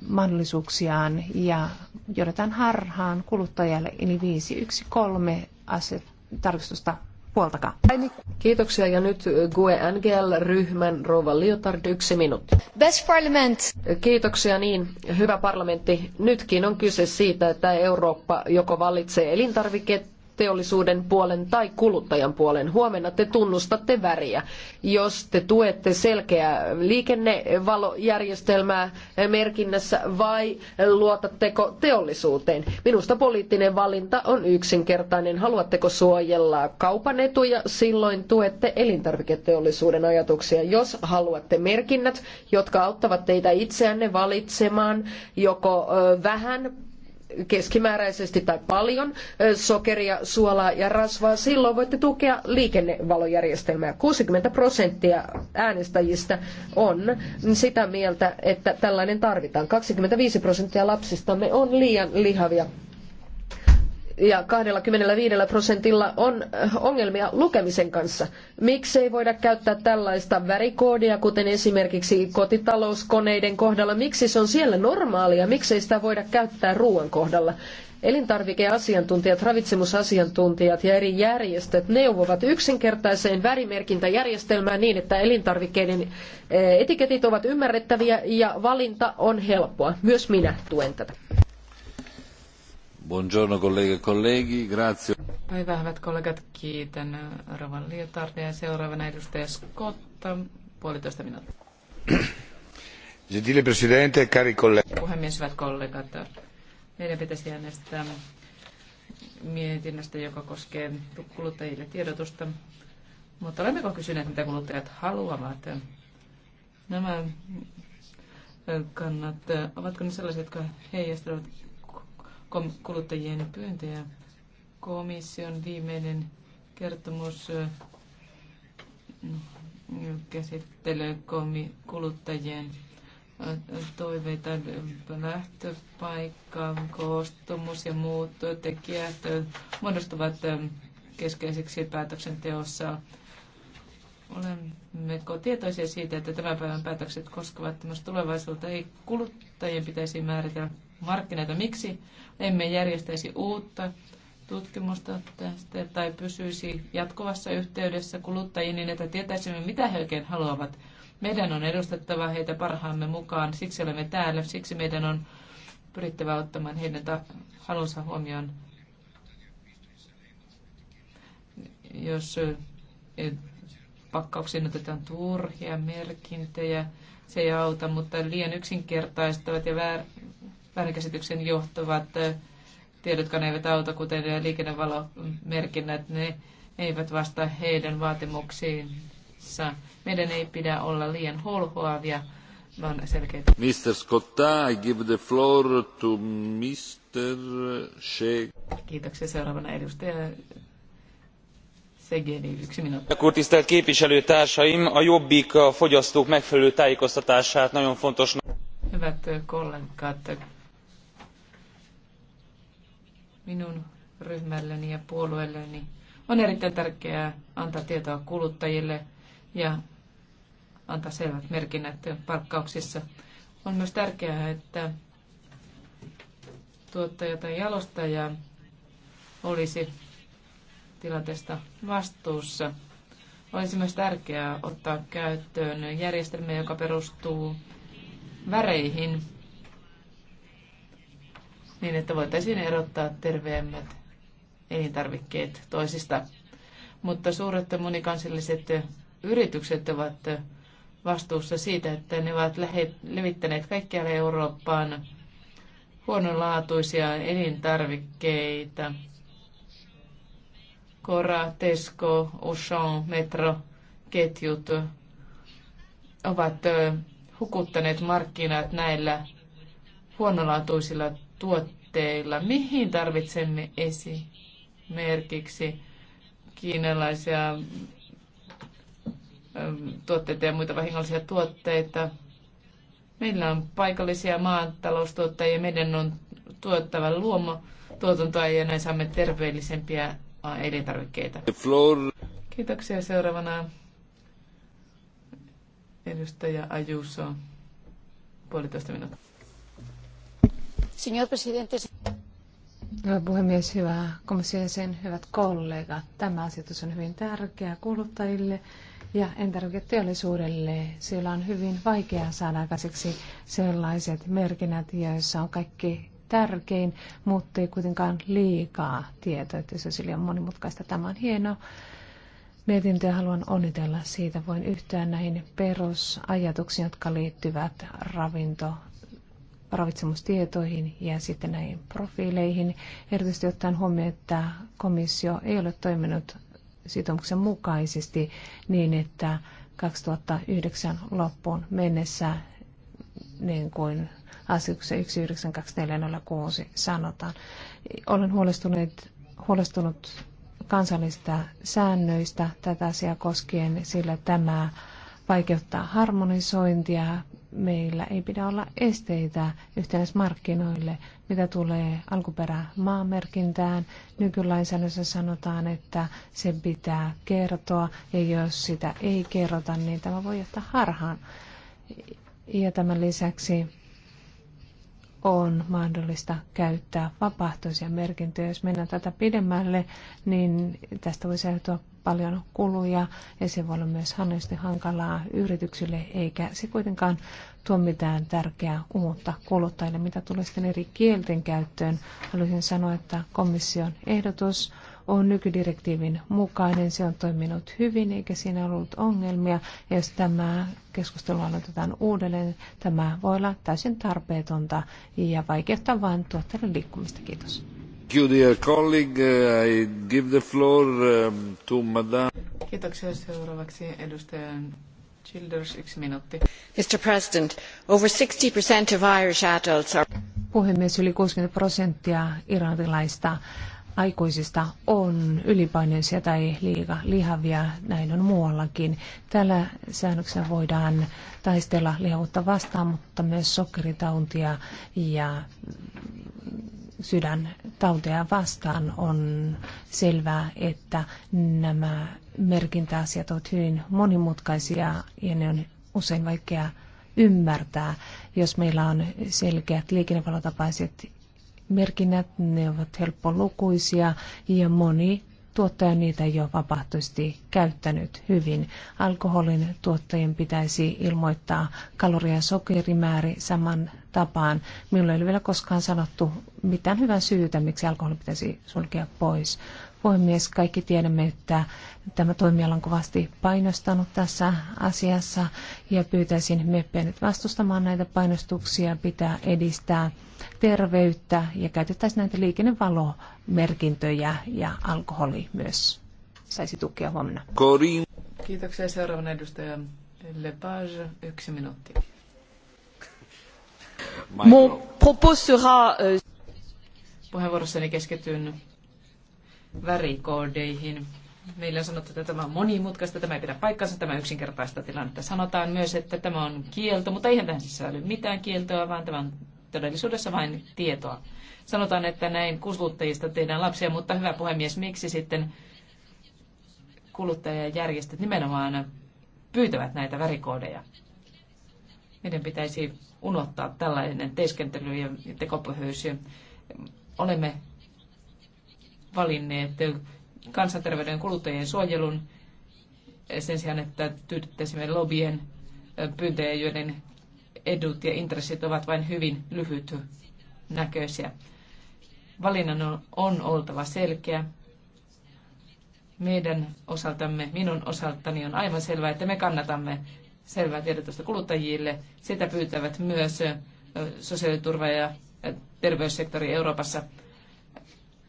mahdollisuuksiaan ja johdetaan harhaan kuluttajalle. Eli 513 aset tarkistusta puoltakaa. Kiitoksia ja nyt Gue Angel ryhmän Rova Liotard yksi minuutti. Best Parliament. Kiitoksia niin, hyvä parlamentti. Nytkin on kyse siitä, että Eurooppa joko valitsee elintarvikkeet teollisuuden puolen tai kuluttajan puolen. Huomenna te tunnustatte väriä. Jos te tuette selkeää liikennevalojärjestelmää merkinnässä vai luotatteko teollisuuteen? Minusta poliittinen valinta on yksinkertainen. Haluatteko suojella kaupan etuja, silloin tuette elintarviketeollisuuden ajatuksia. Jos haluatte merkinnät, jotka auttavat teitä itseänne valitsemaan joko vähän keskimääräisesti tai paljon sokeria, suolaa ja rasvaa, silloin voitte tukea liikennevalojärjestelmää. 60 prosenttia äänestäjistä on sitä mieltä, että tällainen tarvitaan. 25 prosenttia lapsistamme on liian lihavia ja 25 prosentilla on äh, ongelmia lukemisen kanssa. Miksei voida käyttää tällaista värikoodia, kuten esimerkiksi kotitalouskoneiden kohdalla? Miksi se on siellä normaalia? Miksei sitä voida käyttää ruoan kohdalla? Elintarvikeasiantuntijat, ravitsemusasiantuntijat ja eri järjestöt neuvovat yksinkertaiseen värimerkintäjärjestelmään niin, että elintarvikkeiden äh, etiketit ovat ymmärrettäviä ja valinta on helppoa. Myös minä tuen tätä. Buongiorno kollega kollegi, e grazie. Päivää hyvät kollegat, kiitän äh, Rovan Lietardia ja seuraavana edustaja Skotta, puolitoista minuuttia. Gentile presidente, cari colleghi. Puhemies, hyvät kollegat, meidän pitäisi äänestää mietinnästä, joka koskee kuluttajille tiedotusta. Mutta olemmeko kysyneet, mitä kuluttajat haluavat? Nämä äh, kannat, äh, ovatko ne sellaiset, jotka heijastavat kuluttajien pyyntöjä. Komission viimeinen kertomus mm, käsittelee kuluttajien toiveita, lähtöpaikka, koostumus ja muut tekijät muodostuvat keskeiseksi päätöksenteossa. Olemmeko tietoisia siitä, että tämän päivän päätökset koskevat tulevaisuutta? Ei kuluttajien pitäisi määritellä markkinoita. Miksi emme järjestäisi uutta tutkimusta tästä tai pysyisi jatkuvassa yhteydessä kuluttajiin niin, että tietäisimme, mitä he oikein haluavat. Meidän on edustettava heitä parhaamme mukaan, siksi olemme täällä, siksi meidän on pyrittävä ottamaan heidän ta- halunsa huomioon. Jos eh, pakkauksiin otetaan turhia merkintöjä, se ei auta, mutta liian yksinkertaistavat ja väär- väärinkäsityksen johtuvat tiedotkaan eivät auta, kuten liikennevalomerkinnät, ne eivät vastaa heidän vaatimuksiinsa. Meidän ei pidä olla liian holhoavia, vaan selkeitä. Mr. Scotta, I give the floor to Mr. Sheik. Kiitoksia. Seuraavana edustaja tisztelt képviselőtársaim! a jobbik a fogyasztók megfelelő tájékoztatását nagyon fontosnak. hyvät kollegat minun ryhmälleni ja puolueelleni on erittäin tärkeää antaa tietoa kuluttajille ja antaa selvät merkinnät parkkauksissa. On myös tärkeää, että tuottaja tai jalostaja olisi tilanteesta vastuussa. Olisi myös tärkeää ottaa käyttöön järjestelmä, joka perustuu väreihin niin, että voitaisiin erottaa terveemmät elintarvikkeet toisista. Mutta suuret monikansalliset yritykset ovat vastuussa siitä, että ne ovat levittäneet kaikkialle Eurooppaan huonolaatuisia elintarvikkeita. Cora, Tesco, Auchan, Metro, ketjut ovat hukuttaneet markkinat näillä huonolaatuisilla tuotteilla. Mihin tarvitsemme esimerkiksi kiinalaisia tuotteita ja muita vahingollisia tuotteita? Meillä on paikallisia maataloustuottajia, meidän on tuottava tuotantoa ja näin saamme terveellisempiä elintarvikkeita. Kiitoksia seuraavana edustaja Ajuso, puolitoista minuuttia. Signor presidente... Hyvä puhemies, hyvä komission sen hyvät kollegat. Tämä asetus on hyvin tärkeä kuluttajille ja elintarviketeollisuudelle. Siellä on hyvin vaikea saada aikaiseksi sellaiset merkinnät, joissa on kaikki tärkein, mutta ei kuitenkaan liikaa tietoa, että se on liian monimutkaista. Tämä on hieno mietintö ja haluan onnitella siitä. Voin yhtyä näihin perusajatuksiin, jotka liittyvät ravinto ravitsemustietoihin ja sitten näihin profiileihin. Erityisesti ottaen huomioon, että komissio ei ole toiminut sitoumuksen mukaisesti niin, että 2009 loppuun mennessä niin kuin asiaksessa 192406 sanotaan. Olen huolestunut, huolestunut kansallisista säännöistä tätä asiaa koskien, sillä tämä vaikeuttaa harmonisointia, meillä ei pidä olla esteitä yhtenäismarkkinoille, mitä tulee alkuperämaamerkintään. Nykylainsäädännössä sanotaan, että sen pitää kertoa, ja jos sitä ei kerrota, niin tämä voi johtaa harhaan. Ja tämän lisäksi on mahdollista käyttää vapaaehtoisia merkintöjä. Jos mennään tätä pidemmälle, niin tästä voi seurata paljon kuluja ja se voi olla myös hannesti hankalaa yrityksille, eikä se kuitenkaan tuo mitään tärkeää uutta kuluttajille. Mitä tulee sitten eri kielten käyttöön, haluaisin sanoa, että komission ehdotus on nykydirektiivin mukainen, se on toiminut hyvin eikä siinä ollut ongelmia. Ja jos tämä keskustelu aloitetaan uudelleen, tämä voi olla täysin tarpeetonta ja vaikeuttaa vain tuotteiden liikkumista. Kiitos. Um, Kiitoksia. Seuraavaksi edustajan Mr. President, over 60% of Irish adults are... Puhemies, yli 60 prosenttia irlantilaista aikuisista on ylipainoisia tai liiga lihavia, näin on muuallakin. Tällä säännöksellä voidaan taistella lihavuutta vastaan, mutta myös sokeritautia ja sydäntautia vastaan on selvää, että nämä merkintäasiat ovat hyvin monimutkaisia ja ne on usein vaikea ymmärtää, jos meillä on selkeät liikennevalotapaiset merkinnät, ne ovat helppolukuisia ja moni tuottaja niitä jo vapaaehtoisesti käyttänyt hyvin. Alkoholin tuottajien pitäisi ilmoittaa kaloria- ja sokerimäärä saman tapaan. Minulla ei ole vielä koskaan sanottu mitään hyvää syytä, miksi alkoholi pitäisi sulkea pois puhemies, kaikki tiedämme, että tämä toimiala on kovasti painostanut tässä asiassa ja pyytäisin meppejä nyt vastustamaan näitä painostuksia, pitää edistää terveyttä ja käytettäisiin näitä liikennevalomerkintöjä ja alkoholi myös saisi tukea huomenna. Korin. Kiitoksia seuraavan edustajan Lepage, yksi minuutti. Mon propos sera... Euh, Puheenvuorossani keskityn värikoodeihin. Meillä on sanottu, että tämä on monimutkaista, tämä ei pidä paikkansa, tämä yksinkertaista tilannetta. Sanotaan myös, että tämä on kielto, mutta eihän tähän sisälly mitään kieltoa, vaan tämä on todellisuudessa vain tietoa. Sanotaan, että näin kuluttajista tehdään lapsia, mutta hyvä puhemies, miksi sitten kuluttajajärjestöt nimenomaan pyytävät näitä värikoodeja? Meidän pitäisi unohtaa tällainen teeskentely ja tekopyhyys. Olemme valinneet kansanterveyden kuluttajien suojelun sen sijaan, että tyydyttäisimme lobien pyyntöjä, joiden edut ja intressit ovat vain hyvin lyhyt näköisiä. Valinnan on, on oltava selkeä. Meidän osaltamme, minun osaltani on aivan selvää, että me kannatamme selvää tiedotusta kuluttajille. Sitä pyytävät myös sosiaaliturva- ja terveyssektori Euroopassa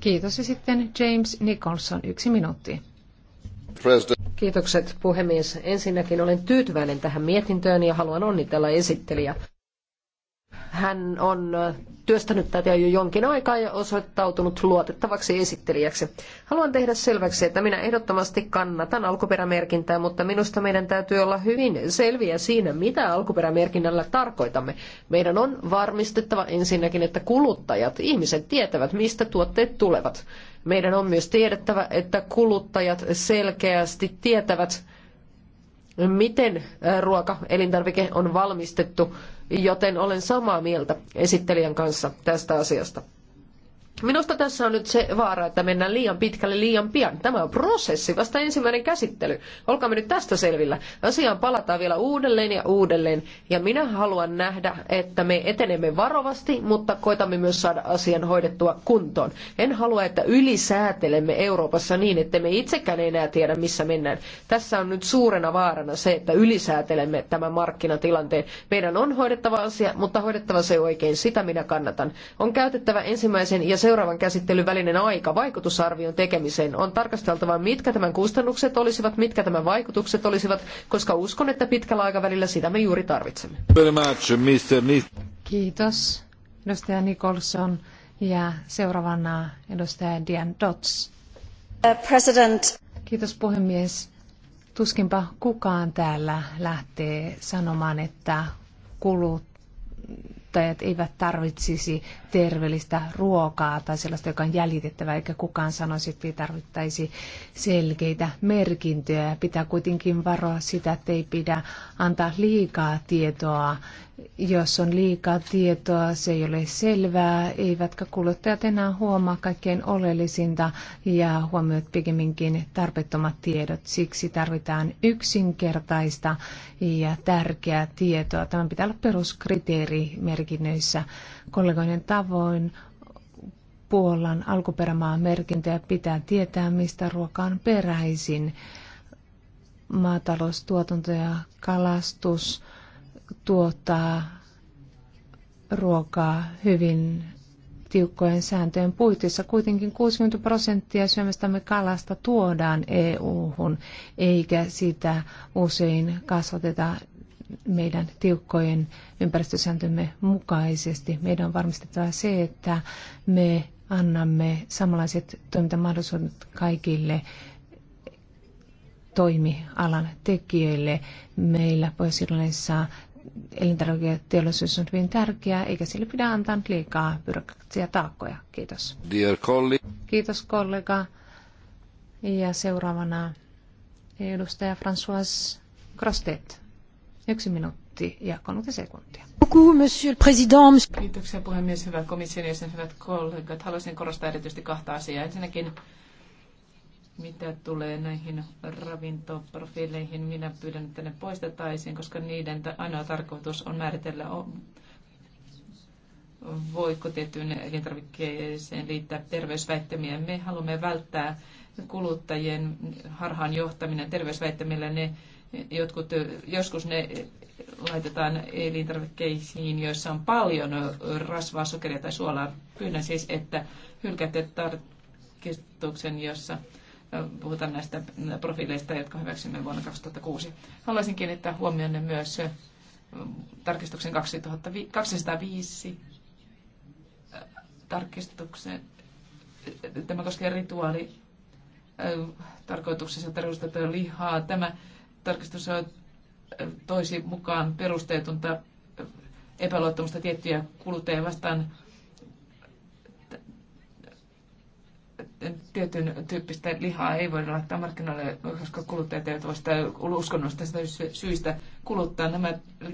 Kiitos ja sitten James Nicholson, yksi minuutti. Kiitokset puhemies. Ensinnäkin olen tyytyväinen tähän mietintöön ja haluan onnitella esittelijä. Hän on työstänyt tätä jo jonkin aikaa ja osoittautunut luotettavaksi esittelijäksi. Haluan tehdä selväksi, että minä ehdottomasti kannatan alkuperämerkintää, mutta minusta meidän täytyy olla hyvin selviä siinä, mitä alkuperämerkinnällä tarkoitamme. Meidän on varmistettava ensinnäkin, että kuluttajat, ihmiset tietävät, mistä tuotteet tulevat. Meidän on myös tiedettävä, että kuluttajat selkeästi tietävät, miten ruoka, elintarvike on valmistettu joten olen samaa mieltä esittelijän kanssa tästä asiasta. Minusta tässä on nyt se vaara, että mennään liian pitkälle liian pian. Tämä on prosessi, vasta ensimmäinen käsittely. Olkaamme nyt tästä selvillä. Asiaan palataan vielä uudelleen ja uudelleen. Ja minä haluan nähdä, että me etenemme varovasti, mutta koitamme myös saada asian hoidettua kuntoon. En halua, että ylisäätelemme Euroopassa niin, että me itsekään enää tiedä, missä mennään. Tässä on nyt suurena vaarana se, että ylisäätelemme tämän markkinatilanteen. Meidän on hoidettava asia, mutta hoidettava se oikein. Sitä minä kannatan. On käytettävä ensimmäisen ja se seuraavan käsittelyn välinen aika vaikutusarvion tekemiseen. On tarkasteltava, mitkä tämän kustannukset olisivat, mitkä tämän vaikutukset olisivat, koska uskon, että pitkällä aikavälillä sitä me juuri tarvitsemme. Kiitos, edustaja Nicholson. Ja seuraavana edustaja Dian Dots. Uh, President. Kiitos puhemies. Tuskinpa kukaan täällä lähtee sanomaan, että kulut kuluttajat eivät tarvitsisi terveellistä ruokaa tai sellaista, joka on jäljitettävä, eikä kukaan sanoisi, että ei tarvittaisi selkeitä merkintöjä. Pitää kuitenkin varoa sitä, että ei pidä antaa liikaa tietoa jos on liikaa tietoa, se ei ole selvää, eivätkä kuluttajat enää huomaa kaikkein oleellisinta ja huomioit pikemminkin tarpeettomat tiedot. Siksi tarvitaan yksinkertaista ja tärkeää tietoa. Tämä pitää olla peruskriteeri merkinnöissä. Kollegoiden tavoin Puolan alkuperämaa merkintöjä pitää tietää, mistä ruoka on peräisin. Maataloustuotanto ja kalastus tuottaa ruokaa hyvin tiukkojen sääntöjen puitteissa. Kuitenkin 60 prosenttia syömästämme kalasta tuodaan EU-hun, eikä sitä usein kasvateta meidän tiukkojen ympäristösääntömme mukaisesti. Meidän on varmistettava se, että me annamme samanlaiset toimintamahdollisuudet kaikille toimialan tekijöille. Meillä pohjois elintarviketeollisuus on hyvin tärkeää, eikä sille pidä antaa liikaa byrokratia taakkoja. Kiitos. Dear colleague. Kiitos kollega. Ja seuraavana edustaja François Grostet. Yksi minuutti ja 30 sekuntia. Kiitoksia puhemies, hyvät komission jäsen, hyvät kollegat. Haluaisin korostaa erityisesti kahta asiaa. Ensinnäkin mitä tulee näihin ravintoprofiileihin, minä pyydän, että ne poistetaisiin, koska niiden ainoa tarkoitus on määritellä, voiko tiettyyn elintarvikkeeseen liittää terveysväittämiä. Me haluamme välttää kuluttajien harhaan johtaminen terveysväittämillä. Ne jotkut, joskus ne laitetaan elintarvikkeisiin, joissa on paljon rasvaa, sokeria tai suolaa. Pyydän siis, että hylkäätte tarkistuksen, jossa puhutaan näistä profiileista, jotka hyväksymme vuonna 2006. Haluaisin kiinnittää huomionne myös tarkistuksen 205 tarkistuksen. Tämä koskee rituaali tarkoituksessa tarkoitettua lihaa. Tämä tarkistus toisi mukaan perusteetonta epäluottamusta tiettyjä kuluttajia vastaan tietyn tyyppistä lihaa ei voida laittaa markkinoille, koska kuluttajat eivät voi sitä uskonnosta sitä syistä kuluttaa. Nämä,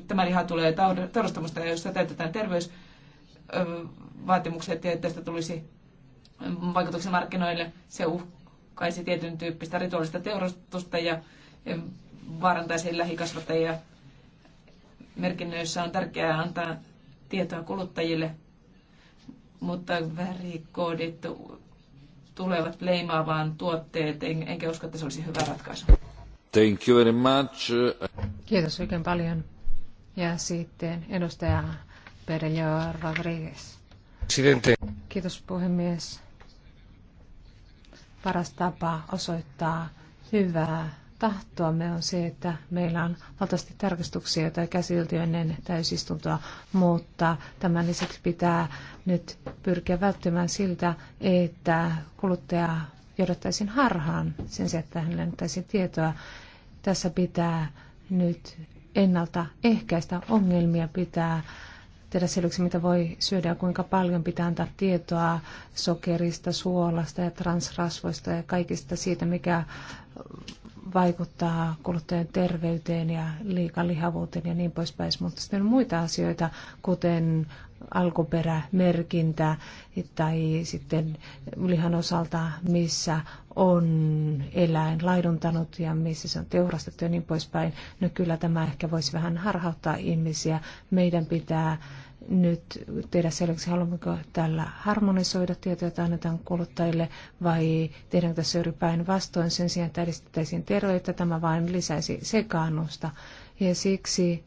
tämä liha tulee taurustamosta, ja jos täytetään terveysvaatimukset ja tästä tulisi vaikutuksen markkinoille, se uhkaisi tietyn tyyppistä rituaalista teurastusta ja vaarantaisi lähikasvattajia. Merkinnöissä on tärkeää antaa tietoa kuluttajille, mutta värikoodit tulevat leimaavaan tuotteet, en, enkä usko, että se olisi hyvä ratkaisu. Thank you very much. Kiitos oikein paljon. Ja sitten edustaja Perejo Rodriguez. Presidente. Kiitos puhemies. Paras tapa osoittaa hyvää tahtoamme on se, että meillä on valtavasti tarkastuksia, joita käsitelty ennen täysistuntoa, mutta tämän lisäksi pitää nyt pyrkiä välttämään siltä, että kuluttaja johdattaisiin harhaan sen sijaan, että hänelle annettaisiin tietoa. Tässä pitää nyt ennalta ehkäistä ongelmia, pitää tehdä selväksi, mitä voi syödä ja kuinka paljon pitää antaa tietoa sokerista, suolasta ja transrasvoista ja kaikista siitä, mikä vaikuttaa kuluttajan terveyteen ja liikalihavuuteen ja niin poispäin, mutta sitten on muita asioita, kuten alkuperämerkintä tai sitten lihan osalta, missä on eläin laiduntanut ja missä se on teurastettu ja niin poispäin. No kyllä tämä ehkä voisi vähän harhauttaa ihmisiä. Meidän pitää nyt tehdä selväksi, haluammeko tällä harmonisoida tietoja, joita annetaan kuluttajille, vai tehdäänkö tässä juuri päinvastoin sen sijaan, että edistettäisiin terveyttä, tämä vain lisäisi sekaannusta. Ja siksi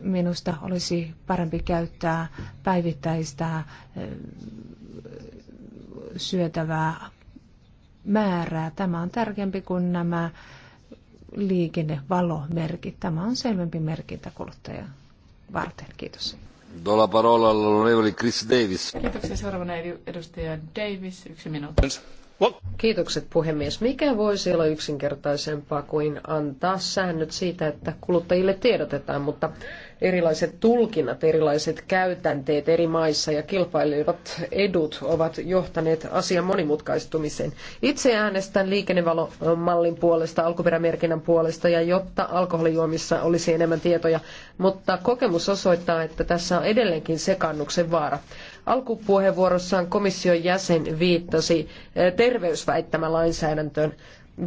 minusta olisi parempi käyttää päivittäistä syötävää määrää. Tämä on tärkeämpi kuin nämä liikennevalomerkit. Tämä on selvempi merkintä kuluttajaa varten. Kiitos. Dola parola l'onorevole Chris Davis. Kiitoksia seuraavana edustaja Davis. Yksi minuutti. Kiitokset puhemies. Mikä voisi olla yksinkertaisempaa kuin antaa säännöt siitä, että kuluttajille tiedotetaan, mutta erilaiset tulkinnat, erilaiset käytänteet eri maissa ja kilpailevat edut ovat johtaneet asian monimutkaistumiseen. Itse äänestän liikennevalomallin puolesta, alkuperämerkinnän puolesta ja jotta alkoholijuomissa olisi enemmän tietoja, mutta kokemus osoittaa, että tässä on edelleenkin sekannuksen vaara. Alkupuheenvuorossaan komission jäsen viittasi eh, terveysväittämälainsäädäntöön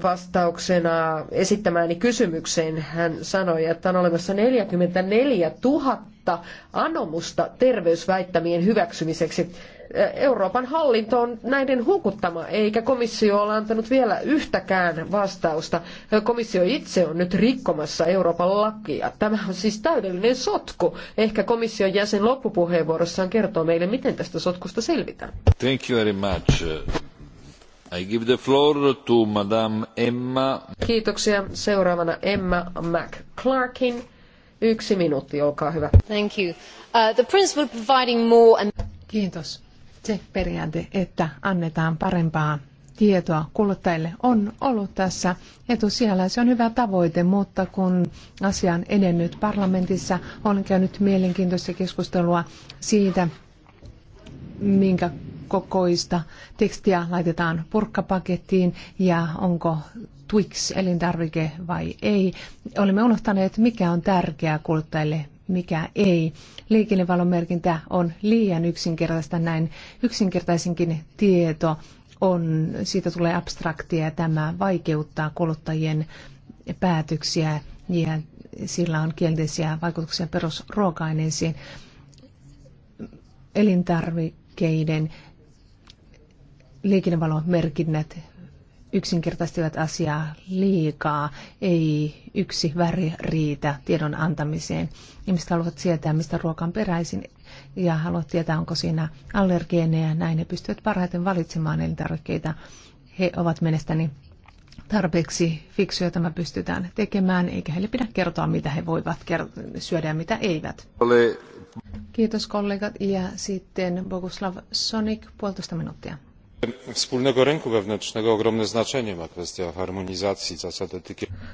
vastauksena esittämääni kysymykseen hän sanoi, että on olemassa 44 000 anomusta terveysväittämien hyväksymiseksi. Euroopan hallinto on näiden hukuttama, eikä komissio ole antanut vielä yhtäkään vastausta. Komissio itse on nyt rikkomassa Euroopan lakia. Tämä on siis täydellinen sotku. Ehkä komission jäsen loppupuheenvuorossaan kertoo meille, miten tästä sotkusta selvitään. Thank you very much. Kiitoksia. Seuraavana Emma McClarkin. Yksi minuutti, olkaa hyvä. Thank you. Uh, the principle providing more and... Kiitos. Se periaate, että annetaan parempaa tietoa kuluttajille on ollut tässä etusijalla. Se on hyvä tavoite, mutta kun asia on edennyt parlamentissa, on käynyt mielenkiintoista keskustelua siitä, minkä kokoista tekstiä laitetaan purkkapakettiin ja onko Twix elintarvike vai ei. Olemme unohtaneet, mikä on tärkeää kuluttajille, mikä ei. Liikennevalonmerkintä on liian yksinkertaista näin. Yksinkertaisinkin tieto on, siitä tulee abstraktia ja tämä vaikeuttaa kuluttajien päätöksiä ja sillä on kielteisiä vaikutuksia perusruoka-aineisiin. Elintarvikkeiden liikennevalomerkinnät yksinkertaistivat asiaa liikaa. Ei yksi väri riitä tiedon antamiseen. Ihmiset haluavat tietää, mistä ruoka on peräisin ja haluavat tietää, onko siinä allergeeneja. Näin ne pystyvät parhaiten valitsemaan elintarvikkeita. He ovat mielestäni tarpeeksi fiksuja tämä pystytään tekemään, eikä heille pidä kertoa, mitä he voivat syödä ja mitä eivät. Kiitos kollegat ja sitten Boguslav Sonik, puolitoista minuuttia wspólnego rynku wewnętrznego ogromne znaczenie ma kwestia harmonizacji zasad etykietowania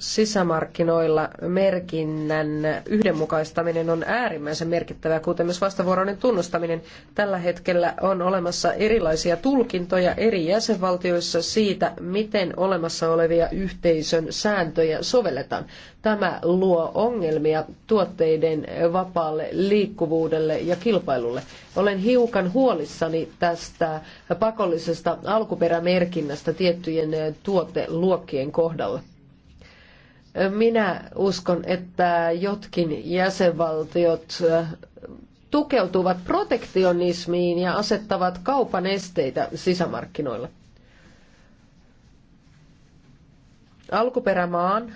sisämarkkinoilla merkinnän yhdenmukaistaminen on äärimmäisen merkittävää, kuten myös vastavuoroinen tunnustaminen. Tällä hetkellä on olemassa erilaisia tulkintoja eri jäsenvaltioissa siitä, miten olemassa olevia yhteisön sääntöjä sovelletaan. Tämä luo ongelmia tuotteiden vapaalle liikkuvuudelle ja kilpailulle. Olen hiukan huolissani tästä pakollisesta alkuperämerkinnästä tiettyjen tuoteluokkien kohdalla. Minä uskon, että jotkin jäsenvaltiot tukeutuvat protektionismiin ja asettavat kaupan esteitä sisämarkkinoilla. Alkuperämaan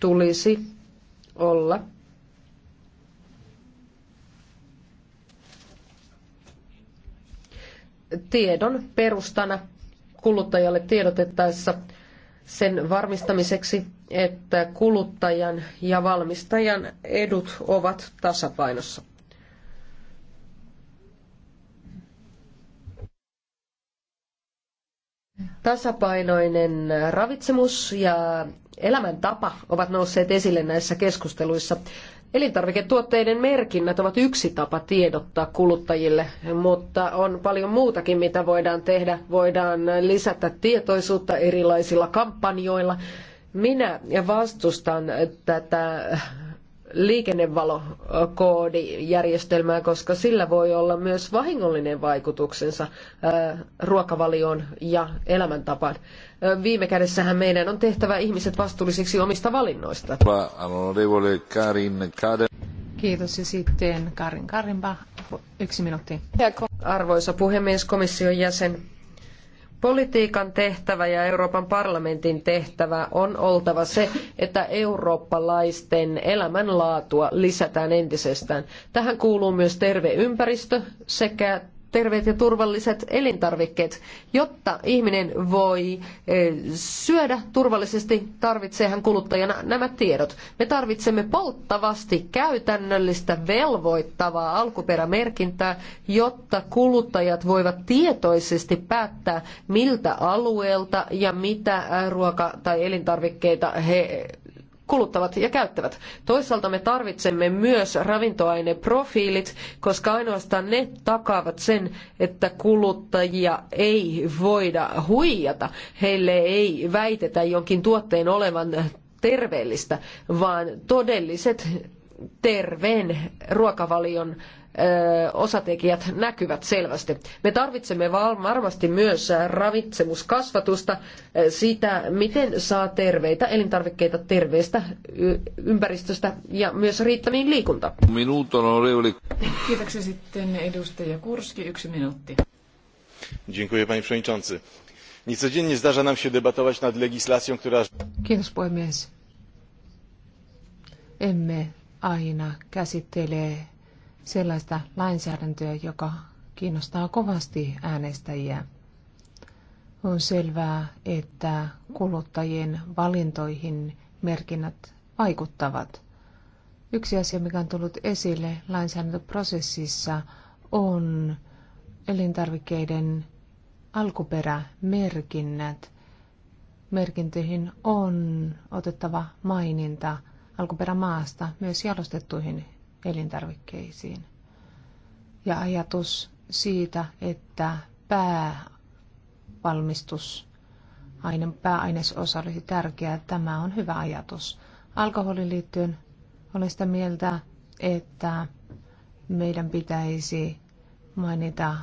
tulisi olla tiedon perustana kuluttajalle tiedotettaessa – sen varmistamiseksi, että kuluttajan ja valmistajan edut ovat tasapainossa. Tasapainoinen ravitsemus ja elämäntapa ovat nousseet esille näissä keskusteluissa. Elintarviketuotteiden merkinnät ovat yksi tapa tiedottaa kuluttajille, mutta on paljon muutakin, mitä voidaan tehdä. Voidaan lisätä tietoisuutta erilaisilla kampanjoilla. Minä vastustan tätä liikennevalokoodijärjestelmää, koska sillä voi olla myös vahingollinen vaikutuksensa ruokavalioon ja elämäntapaan. Viime kädessähän meidän on tehtävä ihmiset vastuullisiksi omista valinnoista. Kiitos ja sitten Karin yksi minuutti. Arvoisa puhemies, komission jäsen. Politiikan tehtävä ja Euroopan parlamentin tehtävä on oltava se, että eurooppalaisten elämänlaatua lisätään entisestään. Tähän kuuluu myös terve ympäristö sekä terveet ja turvalliset elintarvikkeet. Jotta ihminen voi eh, syödä turvallisesti, tarvitsee hän kuluttajana nämä tiedot. Me tarvitsemme polttavasti käytännöllistä velvoittavaa alkuperämerkintää, jotta kuluttajat voivat tietoisesti päättää, miltä alueelta ja mitä eh, ruoka- tai elintarvikkeita he kuluttavat ja käyttävät. Toisaalta me tarvitsemme myös ravintoaineprofiilit, koska ainoastaan ne takaavat sen, että kuluttajia ei voida huijata. Heille ei väitetä jonkin tuotteen olevan terveellistä, vaan todelliset terveen ruokavalion osatekijät näkyvät selvästi. Me tarvitsemme varmasti myös ravitsemuskasvatusta, sitä miten saa terveitä elintarvikkeita terveestä ympäristöstä ja myös riittäviin liikunta. Minuuton on Kiitoksia sitten edustaja Kurski, yksi minuutti. Dziękuję panie przewodniczący. Niecodziennie zdarza nam się debatować nad legislacją, która... Kiitos puhemies. Emme aina käsittele sellaista lainsäädäntöä, joka kiinnostaa kovasti äänestäjiä. On selvää, että kuluttajien valintoihin merkinnät vaikuttavat. Yksi asia, mikä on tullut esille lainsäädäntöprosessissa, on elintarvikkeiden alkuperämerkinnät. Merkintöihin on otettava maininta alkuperämaasta myös jalostettuihin elintarvikkeisiin. Ja ajatus siitä, että päävalmistus, pääainesosa olisi tärkeää, tämä on hyvä ajatus. Alkoholin liittyen olen sitä mieltä, että meidän pitäisi mainita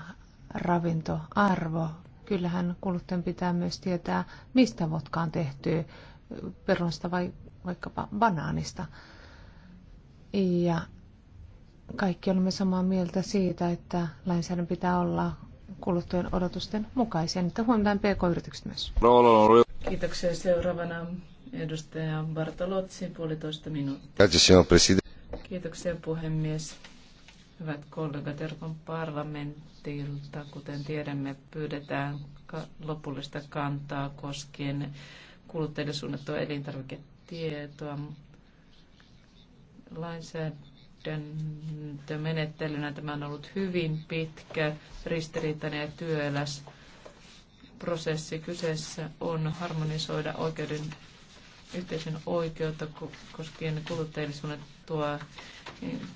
ravintoarvo. Kyllähän kuluttajan pitää myös tietää, mistä vodka on tehty, perunasta vai vaikkapa banaanista. Ja kaikki olemme samaa mieltä siitä, että lainsäädännön pitää olla kuluttujen odotusten mukaisia, niin että huomataan pk-yritykset myös. Kiitoksia. Seuraavana edustaja Bartolotsi, puolitoista minuuttia. Kiitoksia puhemies. Hyvät kollegat Euroopan parlamentilta, kuten tiedämme, pyydetään lopullista kantaa koskien kuluttajille suunnattua elintarviketietoa. Lainsäädäntö menettelynä tämä on ollut hyvin pitkä, ristiriitainen ja työläs prosessi. Kyseessä on harmonisoida oikeuden, yhteisön oikeutta koskien kuluttajille suunnattua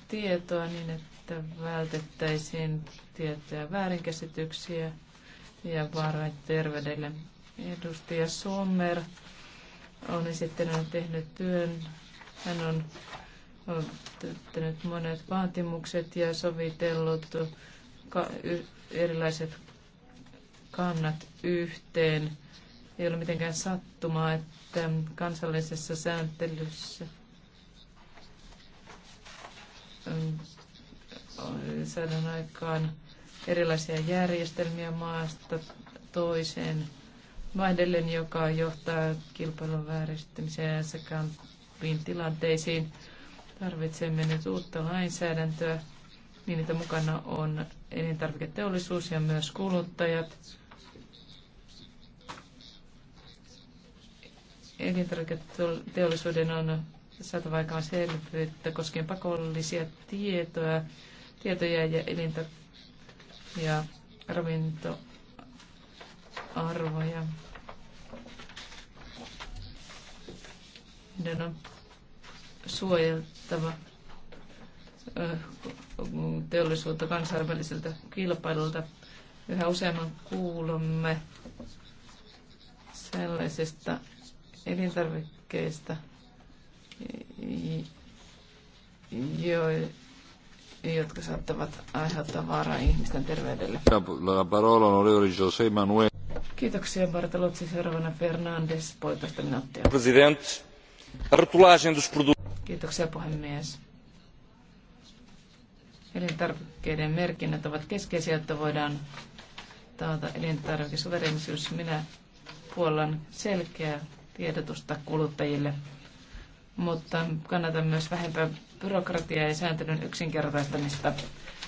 tietoa niin, että vältettäisiin tietoja väärinkäsityksiä ja vaaroja terveydelle. Edustaja Sommer on esittelynyt tehnyt työn. Hän on täyttänyt monet vaatimukset ja sovitellut erilaiset kannat yhteen. Ei ole mitenkään sattumaa, että kansallisessa sääntelyssä mm, saadaan aikaan erilaisia järjestelmiä maasta toiseen vaihdellen, joka johtaa kilpailun vääristymiseen sekä tilanteisiin. Tarvitsemme nyt uutta lainsäädäntöä niin, että mukana on elintarviketeollisuus ja myös kuluttajat. Elintarviketeollisuuden on saatava aikaan selvyyttä koskien pakollisia tietoja, tietoja ja elinta- ja ravintoarvoja. Meidän on suojeltava teollisuutta kansainväliseltä kilpailulta. Yhä useamman kuulomme sellaisista elintarvikkeista, jo, jotka saattavat aiheuttaa vaaraa ihmisten terveydelle. La parola onorevole José Manuel. Kiitoksia Bartolozzi. Seuraavana Fernandes, puolitoista minuuttia. President, rotulagem dos produtos Kiitoksia puhemies. Elintarvikkeiden merkinnät ovat keskeisiä, että voidaan taata elintarvikesuverenisuus. Minä puollan selkeää tiedotusta kuluttajille, mutta kannatan myös vähempää byrokratiaa ja sääntelyn yksinkertaistamista,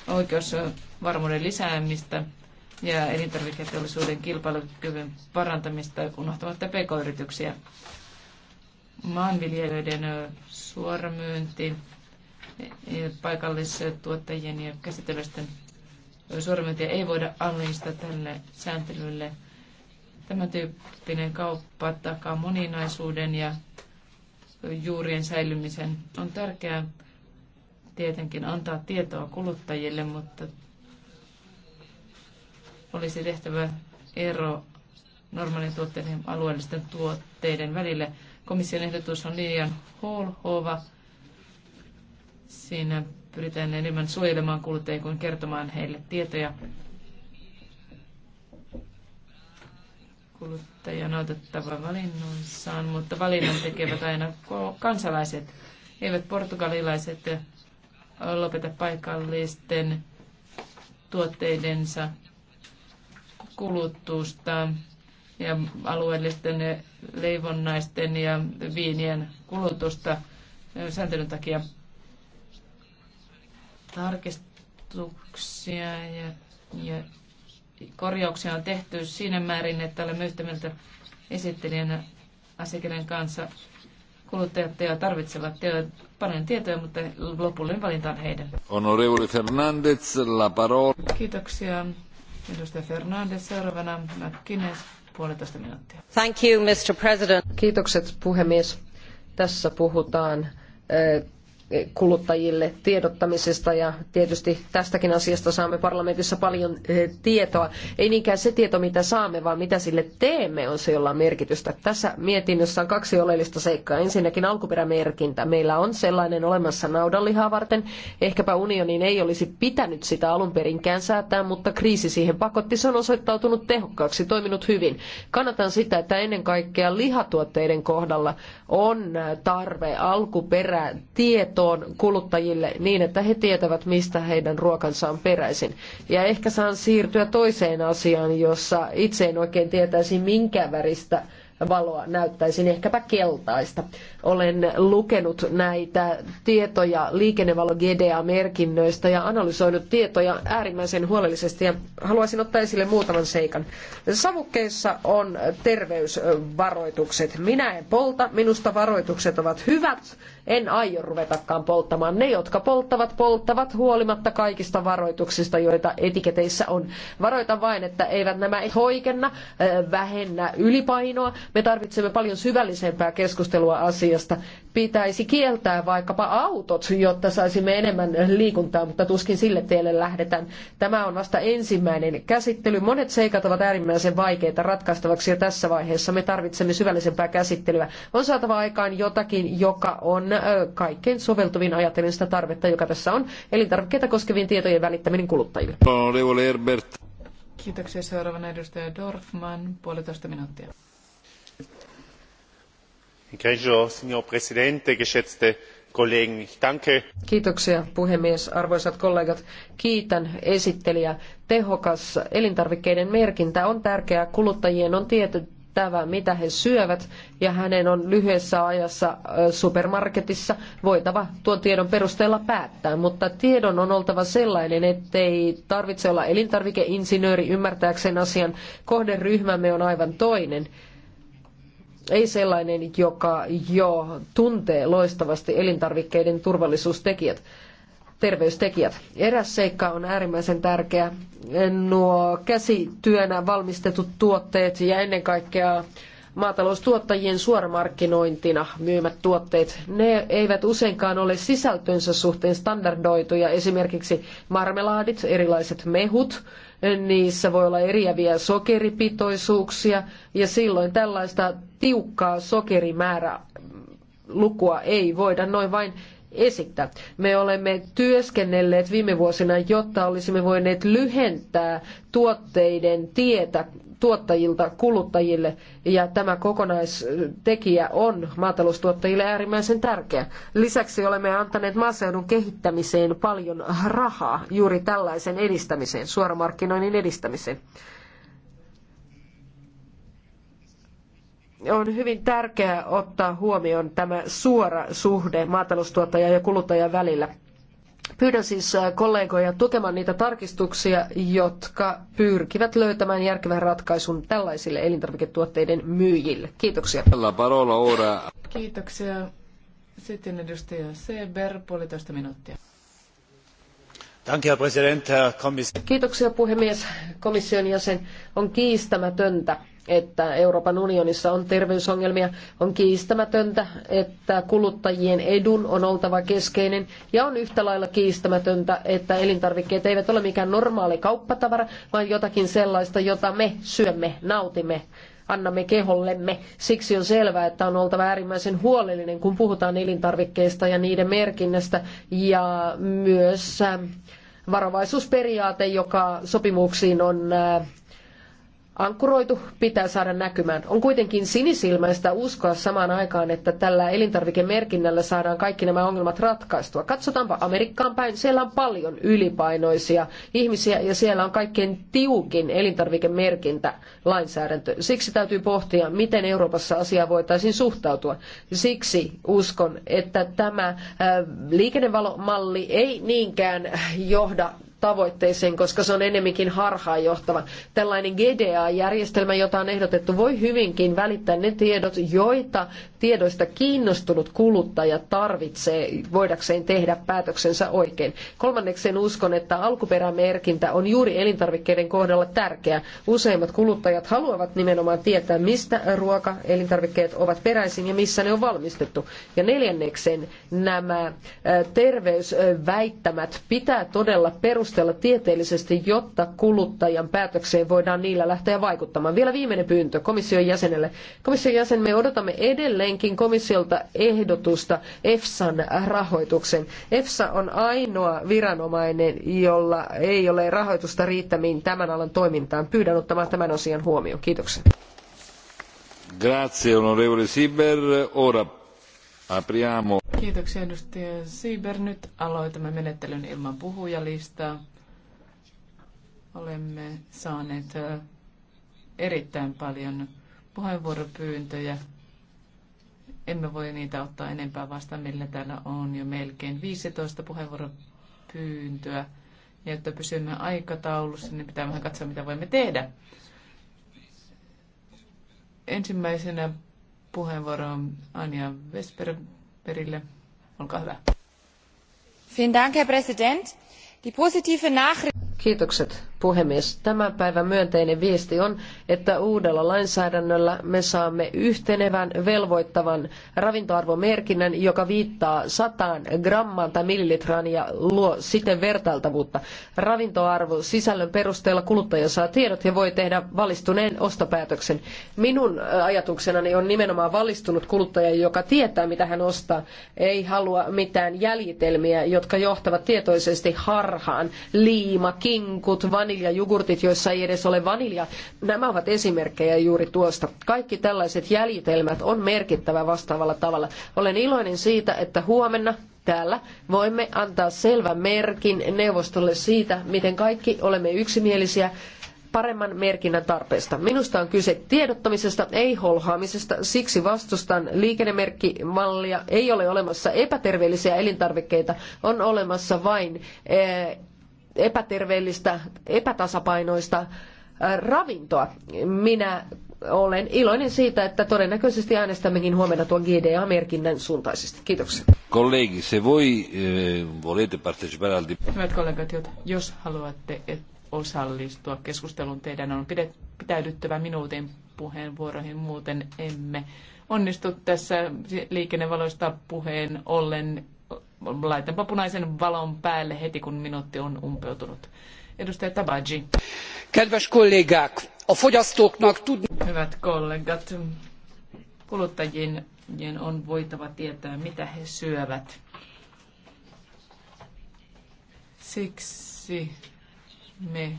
oikeusvarmuuden lisäämistä ja elintarviketeollisuuden kilpailukyvyn parantamista unohtamatta pk-yrityksiä maanviljelijöiden suoramyynti, e, paikallisten tuottajien ja käsittelysten suoramyyntiä ei voida allistaa tälle sääntelylle. Tämä tyyppinen kauppa takaa moninaisuuden ja juurien säilymisen. On tärkeää tietenkin antaa tietoa kuluttajille, mutta olisi tehtävä ero normaalituotteiden ja alueellisten tuotteiden välille Komission ehdotus on liian holhova. Siinä pyritään enemmän suojelemaan kuluttajia kuin kertomaan heille tietoja. Kuluttaja on otettava valinnoissaan, mutta valinnan tekevät aina kansalaiset, eivät portugalilaiset lopeta paikallisten tuotteidensa kulutusta ja alueellisten leivonnaisten ja viinien kulutusta sääntelyn takia tarkistuksia ja, ja korjauksia on tehty siinä määrin, että olemme yhtä mieltä esittelijänä asiakirjan kanssa. Kuluttajat teo tarvitsevat teo paljon tietoja, mutta lopullinen valinta on heidän. Honorevole Fernandez, la parola. Kiitoksia. Edustaja Fernandez, seuraavana McKinnes puolitoista minuuttia. Thank you, Mr. President. Kiitokset puhemies. Tässä puhutaan eh, kuluttajille tiedottamisesta ja tietysti tästäkin asiasta saamme parlamentissa paljon eh, tietoa. Ei niinkään se tieto, mitä saamme, vaan mitä sille teemme on se, jolla on merkitystä. Tässä mietinnössä on kaksi oleellista seikkaa. Ensinnäkin alkuperämerkintä. Meillä on sellainen olemassa naudanlihaa varten. Ehkäpä unionin ei olisi pitänyt sitä alun perinkään säätää, mutta kriisi siihen pakotti. Se on osoittautunut tehokkaaksi, toiminut hyvin. Kannatan sitä, että ennen kaikkea lihatuotteiden kohdalla on tarve alkuperätietoa tietoon kuluttajille niin, että he tietävät, mistä heidän ruokansa on peräisin. Ja ehkä saan siirtyä toiseen asiaan, jossa itse en oikein tietäisi minkä väristä valoa näyttäisin ehkäpä keltaista. Olen lukenut näitä tietoja liikennevalo GDA-merkinnöistä ja analysoinut tietoja äärimmäisen huolellisesti ja haluaisin ottaa esille muutaman seikan. Savukkeissa on terveysvaroitukset. Minä en polta, minusta varoitukset ovat hyvät en aio ruvetakaan polttamaan. Ne, jotka polttavat, polttavat huolimatta kaikista varoituksista, joita etiketeissä on. Varoita vain, että eivät nämä hoikenna, vähennä ylipainoa. Me tarvitsemme paljon syvällisempää keskustelua asiasta. Pitäisi kieltää vaikkapa autot, jotta saisimme enemmän liikuntaa, mutta tuskin sille tielle lähdetään. Tämä on vasta ensimmäinen käsittely. Monet seikat ovat äärimmäisen vaikeita ratkaistavaksi ja tässä vaiheessa. Me tarvitsemme syvällisempää käsittelyä. On saatava aikaan jotakin, joka on kaikkein soveltuvin ajatellen sitä tarvetta, joka tässä on, elintarvikkeita koskevien tietojen välittäminen kuluttajille. Kiitoksia. Seuraavana edustaja Dorfman, puolitoista minuuttia. signor Presidente, geschätzte Kiitoksia puhemies, arvoisat kollegat. Kiitän esittelijä. Tehokas elintarvikkeiden merkintä on tärkeää. Kuluttajien on tietyt Tämä mitä he syövät, ja hänen on lyhyessä ajassa supermarketissa voitava tuon tiedon perusteella päättää. Mutta tiedon on oltava sellainen, ettei tarvitse olla elintarvikeinsinööri ymmärtääkseen asian. Kohderyhmämme on aivan toinen. Ei sellainen, joka jo tuntee loistavasti elintarvikkeiden turvallisuustekijät terveystekijät. Eräs seikka on äärimmäisen tärkeä. Nuo käsityönä valmistetut tuotteet ja ennen kaikkea maataloustuottajien suoramarkkinointina myymät tuotteet, ne eivät useinkaan ole sisältönsä suhteen standardoituja. Esimerkiksi marmelaadit, erilaiset mehut, niissä voi olla eriäviä sokeripitoisuuksia ja silloin tällaista tiukkaa sokerimäärä lukua ei voida noin vain esitä. Me olemme työskennelleet viime vuosina, jotta olisimme voineet lyhentää tuotteiden tietä tuottajilta kuluttajille ja tämä kokonaistekijä on maataloustuottajille äärimmäisen tärkeä. Lisäksi olemme antaneet maaseudun kehittämiseen paljon rahaa juuri tällaisen edistämiseen, suoramarkkinoinnin edistämiseen. on hyvin tärkeää ottaa huomioon tämä suora suhde maataloustuottajan ja kuluttajan välillä. Pyydän siis äh, kollegoja tukemaan niitä tarkistuksia, jotka pyrkivät löytämään järkevän ratkaisun tällaisille elintarviketuotteiden myyjille. Kiitoksia. Kiitoksia. Sitten edustaja Seber, puolitoista minuuttia. Kiitoksia puhemies, komission jäsen. On kiistämätöntä, että Euroopan unionissa on terveysongelmia, on kiistämätöntä, että kuluttajien edun on oltava keskeinen ja on yhtä lailla kiistämätöntä, että elintarvikkeet eivät ole mikään normaali kauppatavara, vaan jotakin sellaista, jota me syömme, nautimme annamme kehollemme. Siksi on selvää, että on oltava äärimmäisen huolellinen, kun puhutaan elintarvikkeista ja niiden merkinnästä ja myös äh, varovaisuusperiaate, joka sopimuksiin on äh, ankkuroitu, pitää saada näkymään. On kuitenkin sinisilmäistä uskoa samaan aikaan, että tällä elintarvikemerkinnällä saadaan kaikki nämä ongelmat ratkaistua. Katsotaanpa Amerikkaan päin, siellä on paljon ylipainoisia ihmisiä ja siellä on kaikkein tiukin elintarvikemerkintä lainsäädäntö. Siksi täytyy pohtia, miten Euroopassa asiaan voitaisiin suhtautua. Siksi uskon, että tämä äh, liikennevalomalli ei niinkään johda tavoitteeseen, koska se on enemminkin harhaanjohtava. Tällainen GDA-järjestelmä, jota on ehdotettu, voi hyvinkin välittää ne tiedot, joita tiedoista kiinnostunut kuluttaja tarvitsee voidakseen tehdä päätöksensä oikein. Kolmanneksen uskon, että alkuperämerkintä on juuri elintarvikkeiden kohdalla tärkeä. Useimmat kuluttajat haluavat nimenomaan tietää, mistä ruoka, elintarvikkeet ovat peräisin ja missä ne on valmistettu. Ja neljänneksen nämä terveysväittämät pitää todella perustella perustella tieteellisesti, jotta kuluttajan päätökseen voidaan niillä lähteä vaikuttamaan. Vielä viimeinen pyyntö komission jäsenelle. Komission jäsen, me odotamme edelleenkin komissiolta ehdotusta EFSAn rahoituksen. EFSA on ainoa viranomainen, jolla ei ole rahoitusta riittämiin tämän alan toimintaan. Pyydän ottamaan tämän asian huomioon. Kiitoksia. Grazie, onorevole Ora Apriamo. Kiitoksia edustaja Sieber. Nyt aloitamme menettelyn ilman puhujalistaa. Olemme saaneet erittäin paljon puheenvuoropyyntöjä. Emme voi niitä ottaa enempää vastaan, millä täällä on jo melkein 15 puheenvuoropyyntöä. Ja että pysymme aikataulussa, niin pitää vähän katsoa, mitä voimme tehdä. Ensimmäisenä puheenvuoro Anja Vesperperille. Olkaa hyvä. Vielen Dank, Herr Präsident. Die positive Nachricht Kiitokset puhemies. Tämän päivän myönteinen viesti on, että uudella lainsäädännöllä me saamme yhtenevän velvoittavan ravintoarvomerkinnän, joka viittaa sataan grammaan tai millilitraan ja luo siten vertailtavuutta. Ravintoarvo sisällön perusteella kuluttaja saa tiedot ja voi tehdä valistuneen ostopäätöksen. Minun äh, ajatuksenani on nimenomaan valistunut kuluttaja, joka tietää mitä hän ostaa, ei halua mitään jäljitelmiä, jotka johtavat tietoisesti harhaan, liima, kinkut, vaniljajugurtit, joissa ei edes ole vaniljaa. Nämä ovat esimerkkejä juuri tuosta. Kaikki tällaiset jäljitelmät on merkittävä vastaavalla tavalla. Olen iloinen siitä, että huomenna täällä voimme antaa selvän merkin neuvostolle siitä, miten kaikki olemme yksimielisiä paremman merkinnän tarpeesta. Minusta on kyse tiedottamisesta, ei holhaamisesta. Siksi vastustan liikennemerkkimallia. Ei ole olemassa epäterveellisiä elintarvikkeita, on olemassa vain eh, epäterveellistä, epätasapainoista äh, ravintoa. Minä olen iloinen siitä, että todennäköisesti äänestämmekin huomenna tuon GDA-merkinnän suuntaisesti. Kiitoksia. Kollegi, se voi, äh, volete partecipare al Hyvät kollegat, jos haluatte osallistua keskusteluun, teidän on pitäydyttävä minuutin puheenvuoroihin, muuten emme onnistu tässä liikennevaloista puheen ollen laitanpa punaisen valon päälle heti, kun minuutti on umpeutunut. Edustaja Tabaji. Kedves kollegák, a fogyasztóknak tud... Hyvät kollegat, kuluttajien on voitava tietää, mitä he syövät. Siksi me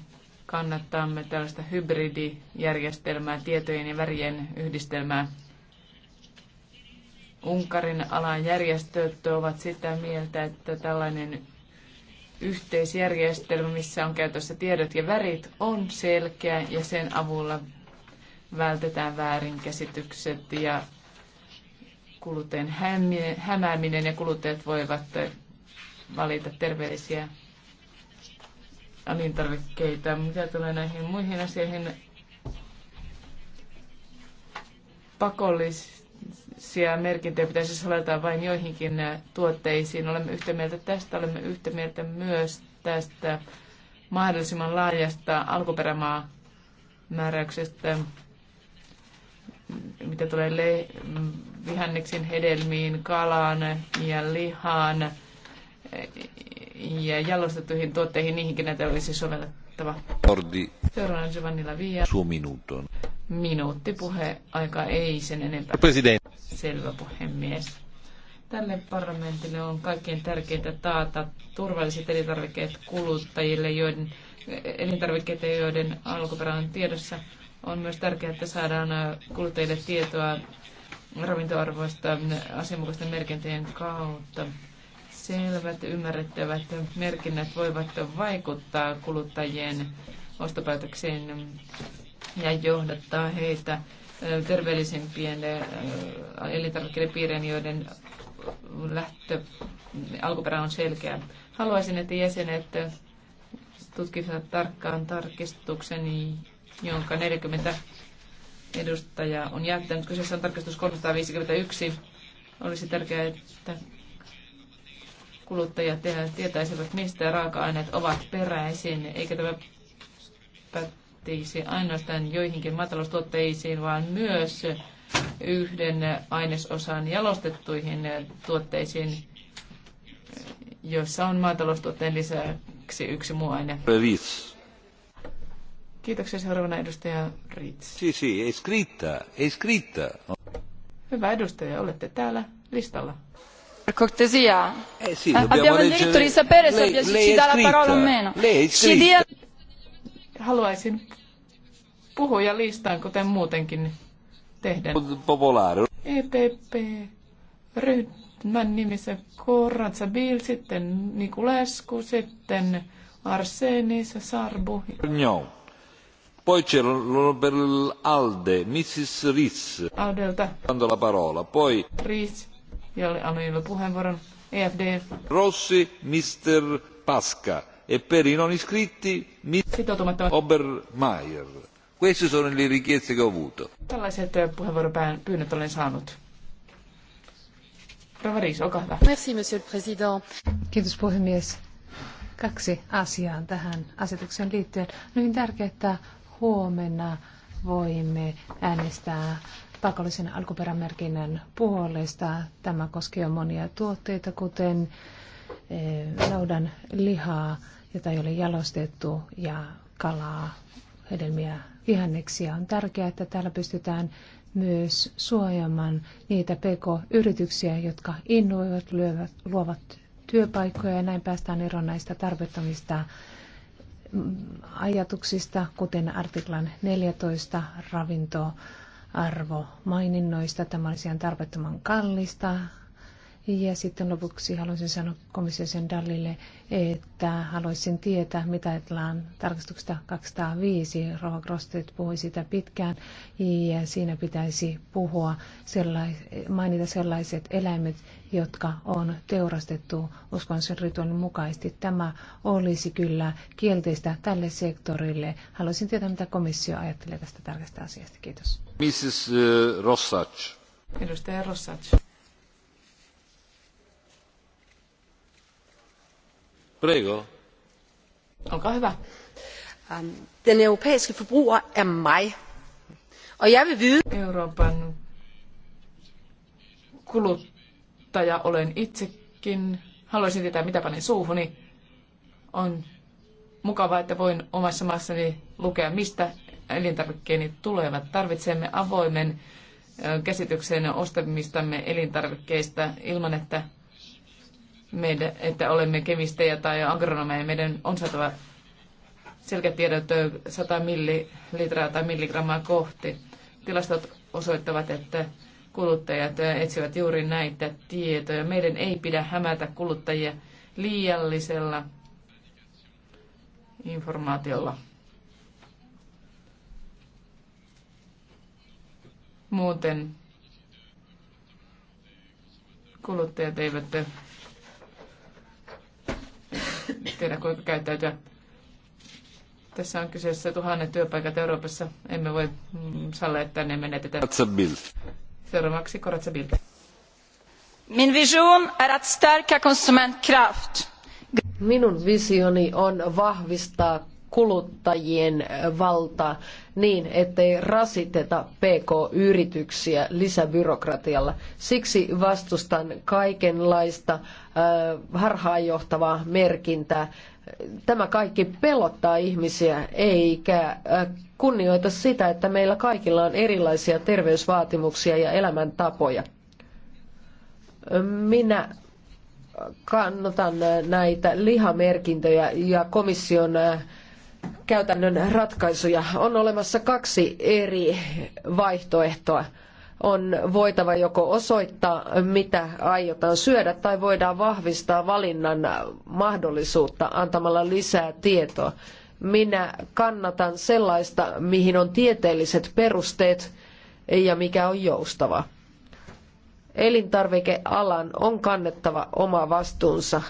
kannattamme tällaista hybridijärjestelmää, tietojen ja värien yhdistelmää Unkarin alan järjestöt ovat sitä mieltä, että tällainen yhteisjärjestelmä, missä on käytössä tiedot ja värit, on selkeä ja sen avulla vältetään väärinkäsitykset ja kuluteen hämääminen ja kuluttajat voivat valita terveellisiä elintarvikkeita. Mitä tulee näihin muihin asioihin, pakollis, Sia merkintöjä pitäisi soveltaa vain joihinkin äh, tuotteisiin. Olemme yhtä mieltä tästä, olemme yhtä mieltä myös tästä mahdollisimman laajasta alkuperämaa määräyksestä, mitä tulee le- hedelmiin, kalaan ja lihaan äh, ja jalostettuihin tuotteihin, niihinkin näitä olisi sovellettu huomattava. Ordi. Seuraavana Giovanni Lavia. Suo minuuton. Minuutti aika ei sen enempää. President. Selvä puhemies. Tälle parlamentille on kaikkein tärkeintä taata turvalliset elintarvikkeet kuluttajille, joiden elintarvikkeita, joiden alkuperä on tiedossa. On myös tärkeää, että saadaan äh, kuluttajille tietoa ravintoarvoista äh, asianmukaisten merkintöjen kautta selvät ymmärrettävät merkinnät voivat vaikuttaa kuluttajien ostopäätöksiin ja johdattaa heitä terveellisempien elintarvikkeiden piirien, joiden lähtö, alkuperä on selkeä. Haluaisin, että jäsenet tutkivat tarkkaan tarkistuksen, jonka 40 edustajaa on jättänyt. Kyseessä on tarkistus 351. Olisi tärkeää, että kuluttajat tietäisivät, mistä raaka-aineet ovat peräisin, eikä tämä pätisi ainoastaan joihinkin maataloustuotteisiin, vaan myös yhden ainesosan jalostettuihin tuotteisiin, joissa on maataloustuotteen lisäksi yksi muu aine. Previs. Kiitoksia seuraavana edustaja Ritz. Si, si, ei skriittää, ei skriittää. Hyvä edustaja, olette täällä listalla per cortesia. Eh sì, eh, Abbiamo leggere... il diritto di sapere lei, se lei ci dà la parola o meno. Lei ci dia... Haluaisin puhuja listaan, kuten muutenkin tehdään. Popolaari. EPP, ryhmän nimissä Korratsa Bill, sitten Nikulescu, sitten Arsenis, Sarbu. No. Poi c'è per l'Alde, Mrs. Riz. Aldelta. Dando la parola. Poi... Riz jolle annan puheenvuoron. EFD. Rossi, Mr. Pasca e per i non iscritti Mr. Obermeier. Queste sono le richieste che ho avuto. Tällaiset eh, puheenvuoropyynnöt olen saanut. Ravaris, olkaa hyvä. Merci, monsieur le président. Kiitos puhemies. Kaksi asiaa tähän asetukseen liittyen. On hyvin tärkeää, että huomenna voimme äänestää pakollisen alkuperämerkinnän puolesta. Tämä koskee monia tuotteita, kuten laudan eh, lihaa, jota ei ole jalostettu, ja kalaa, hedelmiä, vihanneksia. On tärkeää, että täällä pystytään myös suojaamaan niitä pk-yrityksiä, jotka innoivat, lyövät, luovat työpaikkoja ja näin päästään eroon näistä tarpeettomista mm, ajatuksista, kuten artiklan 14 ravinto arvo maininnoista. Tämä olisi ihan tarpeettoman kallista ja sitten lopuksi haluaisin sanoa komissiosen Dallille, että haluaisin tietää, mitä ajatellaan tarkastuksesta 205. Rova Grostet puhui sitä pitkään ja siinä pitäisi puhua sellais, mainita sellaiset eläimet, jotka on teurastettu uskonnollisen rituaalin mukaisesti. Tämä olisi kyllä kielteistä tälle sektorille. Haluaisin tietää, mitä komissio ajattelee tästä tärkeästä asiasta. Kiitos. Mrs. Eh, Rossach. Edustaja Rossach. Um, den europæiske forbruger er mig. Og jeg vil vide... Euroopan kuluttaja olen itsekin. Haluaisin tietää, mitä panen suuhuni. On mukavaa, että voin omassa maassani lukea, mistä elintarvikkeeni tulevat. Tarvitsemme avoimen käsityksen ostamistamme elintarvikkeista ilman, että meidän, että olemme kemistejä tai agronomeja. Meidän on saatava selkeät tiedot 100 millilitraa tai milligrammaa kohti. Tilastot osoittavat, että kuluttajat etsivät juuri näitä tietoja. Meidän ei pidä hämätä kuluttajia liiallisella informaatiolla. Muuten kuluttajat eivät tiedä kuinka käyttäytyä. Tässä on kyseessä tuhannet työpaikat Euroopassa. Emme voi mm, sallia, että ne menetetään. Seuraavaksi Koratsa Bild. Min vision är att stärka konsumentkraft. Minun visioni on vahvistaa kuluttajien valta niin, ettei rasiteta PK-yrityksiä lisäbyrokratialla. Siksi vastustan kaikenlaista harhaanjohtavaa merkintää. Tämä kaikki pelottaa ihmisiä eikä kunnioita sitä, että meillä kaikilla on erilaisia terveysvaatimuksia ja elämäntapoja. Minä kannatan näitä lihamerkintöjä ja komission käytännön ratkaisuja. On olemassa kaksi eri vaihtoehtoa. On voitava joko osoittaa, mitä aiotaan syödä, tai voidaan vahvistaa valinnan mahdollisuutta antamalla lisää tietoa. Minä kannatan sellaista, mihin on tieteelliset perusteet ja mikä on joustava. Elintarvikealan on kannettava oma vastuunsa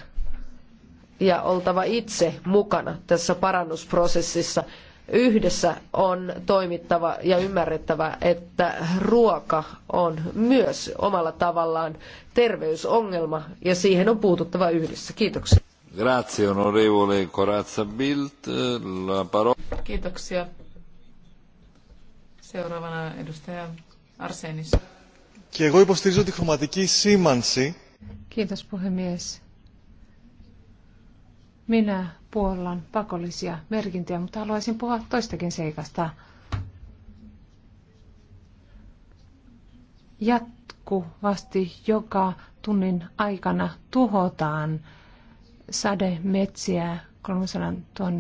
ja oltava itse mukana tässä parannusprosessissa. Yhdessä on toimittava ja ymmärrettävä, että ruoka on myös omalla tavallaan terveysongelma ja siihen on puututtava yhdessä. Kiitoksia. Grazie onorevole Corazza Bildt. La paro. Kiitoksia. Seuraavana edustaja Arsenis. Και εγώ υποστηρίζω τη χρωματική σήμανση. Kiitos puhemies. Minä puollan pakollisia merkintöjä, mutta haluaisin puhua toistakin seikasta. Jatkuvasti joka tunnin aikana tuhotaan sademetsiä 300 000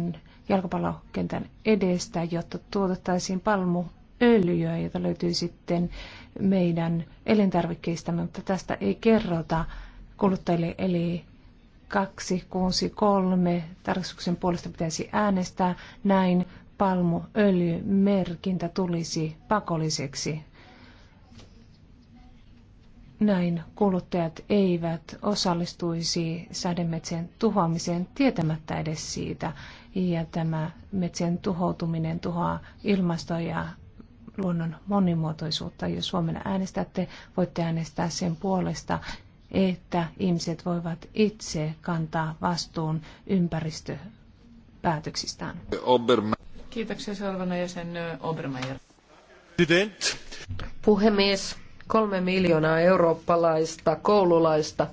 jalkapallokentän edestä, jotta tuotettaisiin palmuöljyä, jota löytyy sitten meidän elintarvikkeistamme, mutta tästä ei kerrota kuluttajille. Eli kolme tarkastuksen puolesta pitäisi äänestää. Näin palmuöljymerkintä tulisi pakolliseksi. Näin kuluttajat eivät osallistuisi sademetsien tuhoamiseen tietämättä edes siitä. Ja tämä metsien tuhoutuminen tuhoaa ilmastoa ja luonnon monimuotoisuutta. Jos Suomen äänestätte, voitte äänestää sen puolesta että ihmiset voivat itse kantaa vastuun ympäristöpäätöksistään. Kiitoksia seuraavana jäsen Obermeier. Puhemies, kolme miljoonaa eurooppalaista koululaista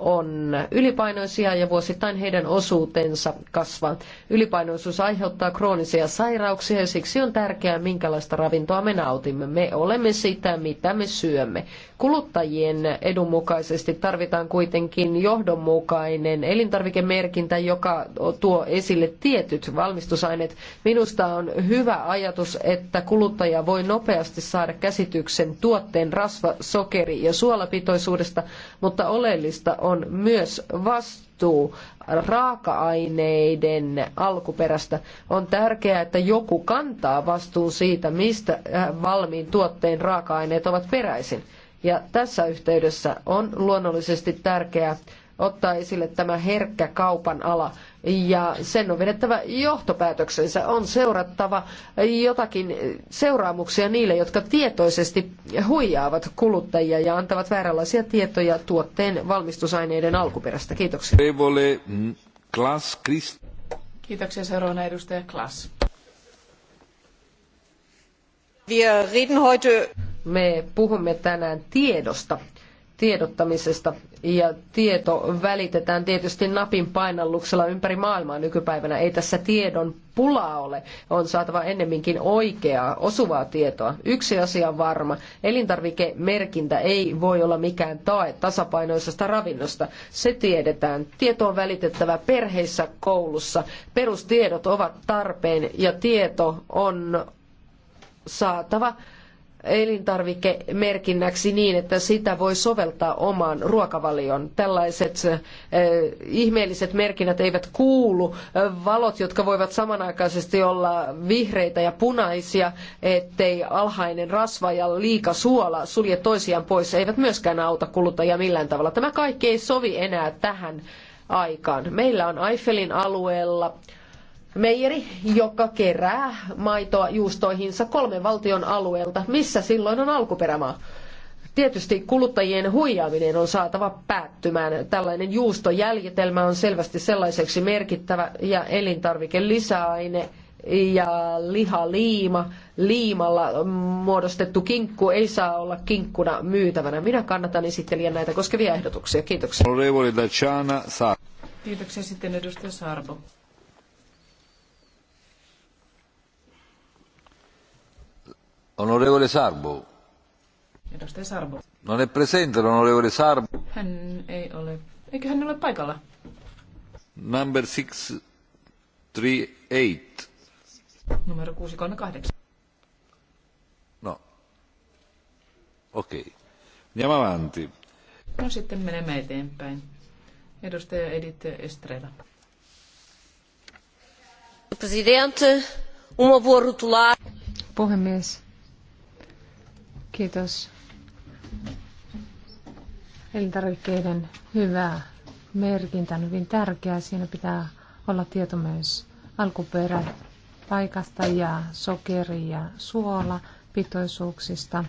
on ylipainoisia ja vuosittain heidän osuutensa kasvaa. Ylipainoisuus aiheuttaa kroonisia sairauksia ja siksi on tärkeää, minkälaista ravintoa me nautimme. Me olemme sitä, mitä me syömme. Kuluttajien edun mukaisesti tarvitaan kuitenkin johdonmukainen elintarvikemerkintä, joka tuo esille tietyt valmistusaineet. Minusta on hyvä ajatus, että kuluttaja voi nopeasti saada käsityksen tuotteen rasva, sokeri ja suolapitoisuudesta, mutta oleellista on on myös vastuu raaka-aineiden alkuperästä. On tärkeää, että joku kantaa vastuun siitä, mistä valmiin tuotteen raaka-aineet ovat peräisin. Ja tässä yhteydessä on luonnollisesti tärkeää, ottaa esille tämä herkkä kaupan ala. Ja sen on vedettävä johtopäätöksensä, on seurattava jotakin seuraamuksia niille, jotka tietoisesti huijaavat kuluttajia ja antavat vääränlaisia tietoja tuotteen valmistusaineiden alkuperästä. Kiitoksia. Kiitoksia seuraavana edustaja Klaas. Me puhumme tänään tiedosta tiedottamisesta ja tieto välitetään tietysti napin painalluksella ympäri maailmaa nykypäivänä. Ei tässä tiedon pulaa ole. On saatava ennemminkin oikeaa, osuvaa tietoa. Yksi asia on varma. Elintarvikemerkintä ei voi olla mikään tae tasapainoisesta ravinnosta. Se tiedetään. Tieto on välitettävä perheissä, koulussa. Perustiedot ovat tarpeen ja tieto on saatava elintarvikemerkinnäksi niin, että sitä voi soveltaa omaan ruokavalioon. Tällaiset äh, ihmeelliset merkinnät eivät kuulu. valot, jotka voivat samanaikaisesti olla vihreitä ja punaisia, ettei alhainen rasva ja liika suola sulje toisiaan pois, eivät myöskään auta kuluttajia millään tavalla. Tämä kaikki ei sovi enää tähän aikaan. Meillä on Eiffelin alueella meijeri, joka kerää maitoa juustoihinsa kolmen valtion alueelta. Missä silloin on alkuperämaa? Tietysti kuluttajien huijaaminen on saatava päättymään. Tällainen juustojäljitelmä on selvästi sellaiseksi merkittävä ja elintarvikelisäaine ja lihaliima, liimalla muodostettu kinkku ei saa olla kinkkuna myytävänä. Minä kannatan esittelijän näitä koskevia ehdotuksia. Kiitoksia. Kiitoksia sitten edustaja Sarbo. Onorevole Sarbo. Edustaja Sarbo. No ne presente, onorevole Sarbo. Hän ei ole. Eikö hän ole paikalla? Number 638. Numero 638. No. Okei. Okay. Andiamo avanti. No sitten menemme eteenpäin. Edustaja Edith Estrella. Presidente, uma boa rotular. Puhemies, Kiitos. Elintarvikkeiden hyvä merkintä on hyvin tärkeää. Siinä pitää olla tieto myös alkuperä paikasta ja sokeri ja suola pitoisuuksista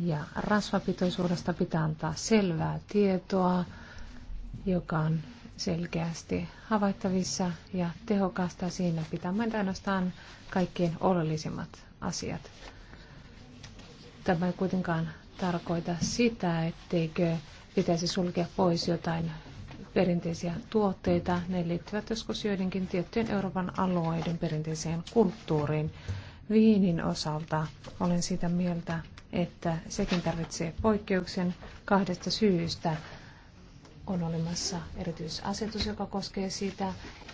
ja rasvapitoisuudesta pitää antaa selvää tietoa, joka on selkeästi havaittavissa ja tehokasta. Siinä pitää mainita ainoastaan kaikkien oleellisimmat asiat. Tämä ei kuitenkaan tarkoita sitä, etteikö pitäisi sulkea pois jotain perinteisiä tuotteita. Ne liittyvät joskus joidenkin tiettyjen Euroopan alueiden perinteiseen kulttuuriin. Viinin osalta olen sitä mieltä, että sekin tarvitsee poikkeuksen kahdesta syystä. On olemassa erityisasetus, joka koskee sitä,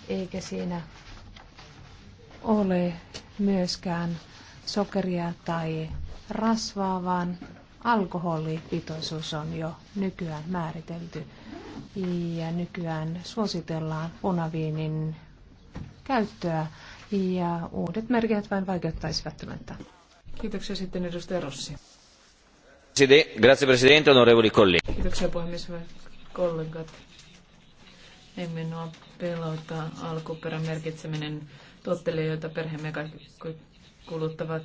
eikä siinä ole myöskään sokeria tai rasvaa, vaan alkoholipitoisuus on jo nykyään määritelty. Ja nykyään suositellaan punaviinin käyttöä ja uudet merkit vain vaikeuttaisivat tilannetta. Kiitoksia sitten edustaja Rossi. Grazie Presidente, onorevoli colleghi. Kiitoksia puhemies, kollegat. Ei minua pelota alkuperän merkitseminen tuotteille, joita perheemme kaikki kuluttavat.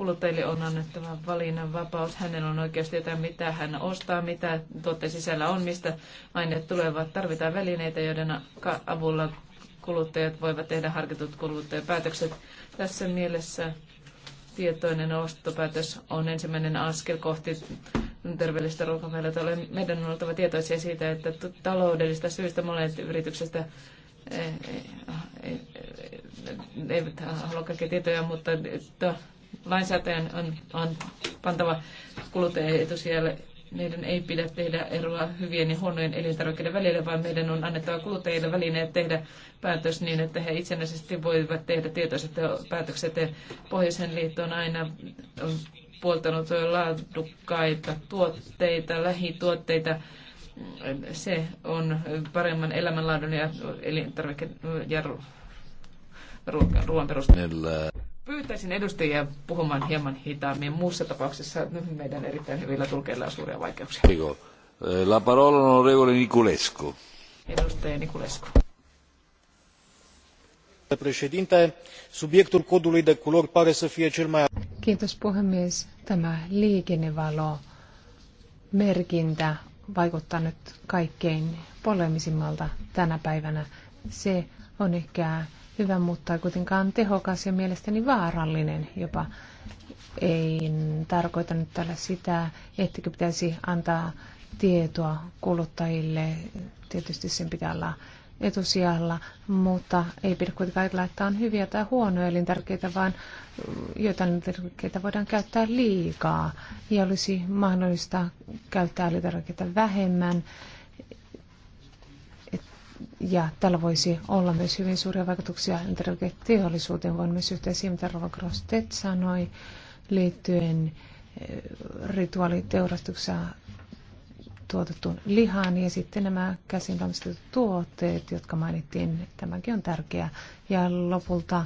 Kuluttajille on annettava valinnan vapaus. Hänellä on oikeus tietää, mitä hän ostaa, mitä tuotteen sisällä on, mistä aineet tulevat. Tarvitaan välineitä, joiden avulla kuluttajat voivat tehdä harkitut kuluttajapäätökset. Tässä mielessä tietoinen ostopäätös on ensimmäinen askel kohti terveellistä ruokavälillä. Meidän on oltava tietoisia siitä, että taloudellista syystä monet yrityksestä eh, eh, eh, eivät halua kaikkia tietoja, mutta lainsäätäjän on, on pantava kuluttajien etusijalle. Meidän ei pidä tehdä eroa hyvien ja huonojen elintarvikkeiden välillä, vaan meidän on annettava kuluttajille välineet tehdä päätös niin, että he itsenäisesti voivat tehdä tietoiset päätökset. Pohjoisen liitto on aina puoltanut laadukkaita tuotteita, lähituotteita. Se on paremman elämänlaadun ja elintarvikkeiden ja ruoan perusteella. Pyytäisin edustajia puhumaan hieman hitaammin. Muussa tapauksessa meidän erittäin hyvillä tulkeilla on suuria vaikeuksia. Eh, la parola onorevole Niculescu. Edustaja Niculescu. Președinte, subiectul de culori pare să fie cel mai... Kiitos puhemies. Tämä liikennevalo merkintä vaikuttaa nyt kaikkein polemisimmalta tänä päivänä. Se on ehkä hyvä, mutta kuitenkaan tehokas ja mielestäni vaarallinen jopa. Ei tarkoita nyt tällä sitä, että pitäisi antaa tietoa kuluttajille. Tietysti sen pitää olla etusijalla, mutta ei pidä kuitenkaan ajatella, että on hyviä tai huonoja elintärkeitä, vaan joitain elintärkeitä voidaan käyttää liikaa ja olisi mahdollista käyttää elintärkeitä vähemmän ja tällä voisi olla myös hyvin suuria vaikutuksia teollisuuteen, Voin myös yhteen siihen, mitä Rova Grostet sanoi liittyen eh, rituaaliteurastuksessa tuotettuun lihaan ja sitten nämä käsin valmistetut tuotteet, jotka mainittiin, tämäkin on tärkeää. Ja lopulta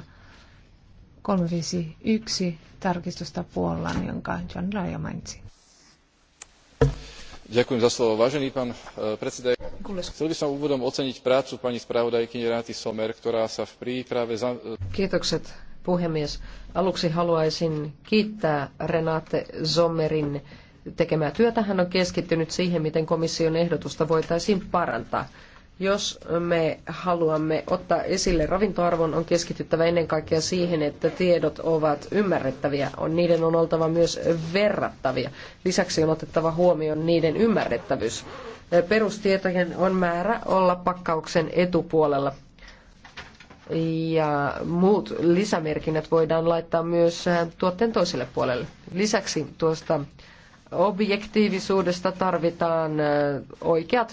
351 tarkistusta Puolaan, jonka John Laja mainitsi. E, chcel by som úvodom oceniť prácu pani spravodajkyne renate sommer ktorá sa v príprave. kiitokset puhemies aluksi haluaisin kiittää renate sommerin tekemää työtä. hän on keskittynyt siihen miten komission ehdotusta voitaisiin parantaa. Jos me haluamme ottaa esille ravintoarvon, on keskityttävä ennen kaikkea siihen, että tiedot ovat ymmärrettäviä. Niiden on oltava myös verrattavia. Lisäksi on otettava huomioon niiden ymmärrettävyys. Perustietojen on määrä olla pakkauksen etupuolella. Ja muut lisämerkinnät voidaan laittaa myös tuotteen toiselle puolelle. Lisäksi tuosta objektiivisuudesta tarvitaan oikeat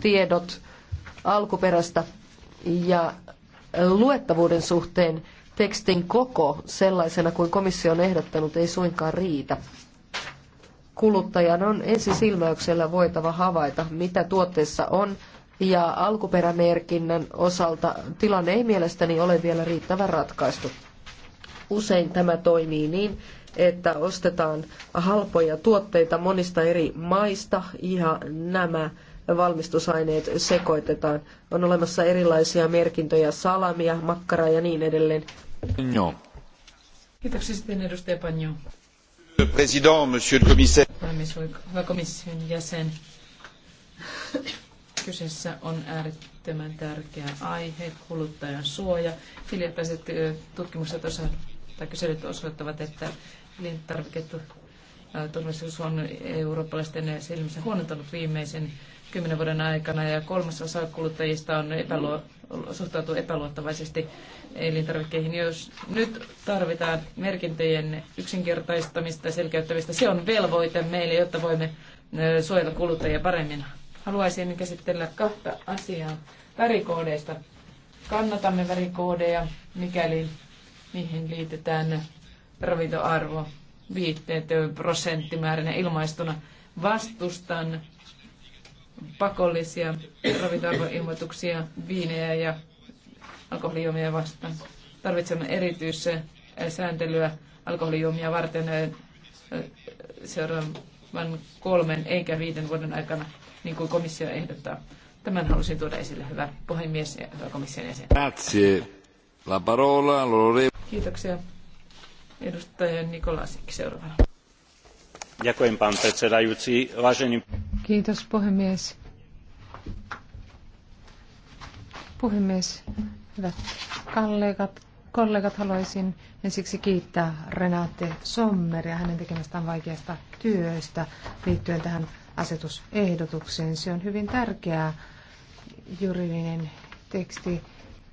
tiedot alkuperästä ja luettavuuden suhteen tekstin koko sellaisena kuin komissio on ehdottanut ei suinkaan riitä. Kuluttajan on ensisilmäyksellä voitava havaita, mitä tuotteessa on, ja alkuperämerkinnän osalta tilanne ei mielestäni ole vielä riittävän ratkaistu. Usein tämä toimii niin, että ostetaan halpoja tuotteita monista eri maista ja nämä valmistusaineet sekoitetaan. On olemassa erilaisia merkintöjä, salamia, makkaraa ja niin edelleen. N:o. Kiitoksia sitten edustaja Panjo. President, monsieur le commissaire. Hyvä komission jäsen. Kyseessä on äärettömän tärkeä aihe, kuluttajan suoja. Hiljattaiset tutkimukset osa, tai kyselyt osoittavat, että elintarviketurvallisuus on eurooppalaisten silmissä huonontanut viimeisen kymmenen vuoden aikana ja kolmasosa kuluttajista on epäluo, suhtautunut epäluottavaisesti elintarvikkeihin. Jos nyt tarvitaan merkintöjen yksinkertaistamista ja selkeyttämistä, se on velvoite meille, jotta voimme suojella kuluttajia paremmin. Haluaisin käsitellä kahta asiaa värikoodeista. Kannatamme värikoodeja, mikäli niihin liitetään ravintoarvo, viitteet prosenttimääränä ilmaistuna. Vastustan pakollisia ravintoarvoilmoituksia viinejä ja alkoholijuomia vastaan. Tarvitsemme sääntelyä alkoholijuomia varten seuraavan kolmen eikä viiden vuoden aikana, niin kuin komissio ehdottaa. Tämän halusin tuoda esille, hyvä puhemies ja hyvä komission jäsen. La parola, Kiitoksia. Edustaja Nikolasik seuraavana. Ďakujem, pán predsedajúci. Vážený Kiitos puhemies. Puhemies, hyvät kollegat, kollegat haluaisin ensiksi kiittää Renate Sommeria hänen tekemästään vaikeasta työstä liittyen tähän asetusehdotukseen. Se on hyvin tärkeä juridinen teksti,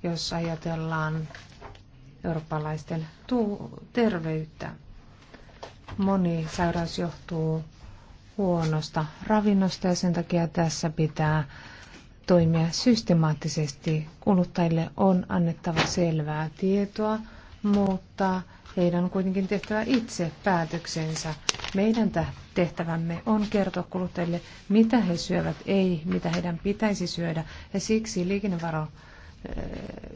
jos ajatellaan eurooppalaisten terveyttä. Moni sairaus johtuu huonosta ravinnosta ja sen takia tässä pitää toimia systemaattisesti. Kuluttajille on annettava selvää tietoa, mutta heidän on kuitenkin tehtävä itse päätöksensä. Meidän tehtävämme on kertoa kuluttajille, mitä he syövät, ei mitä heidän pitäisi syödä. Ja siksi liikennevaro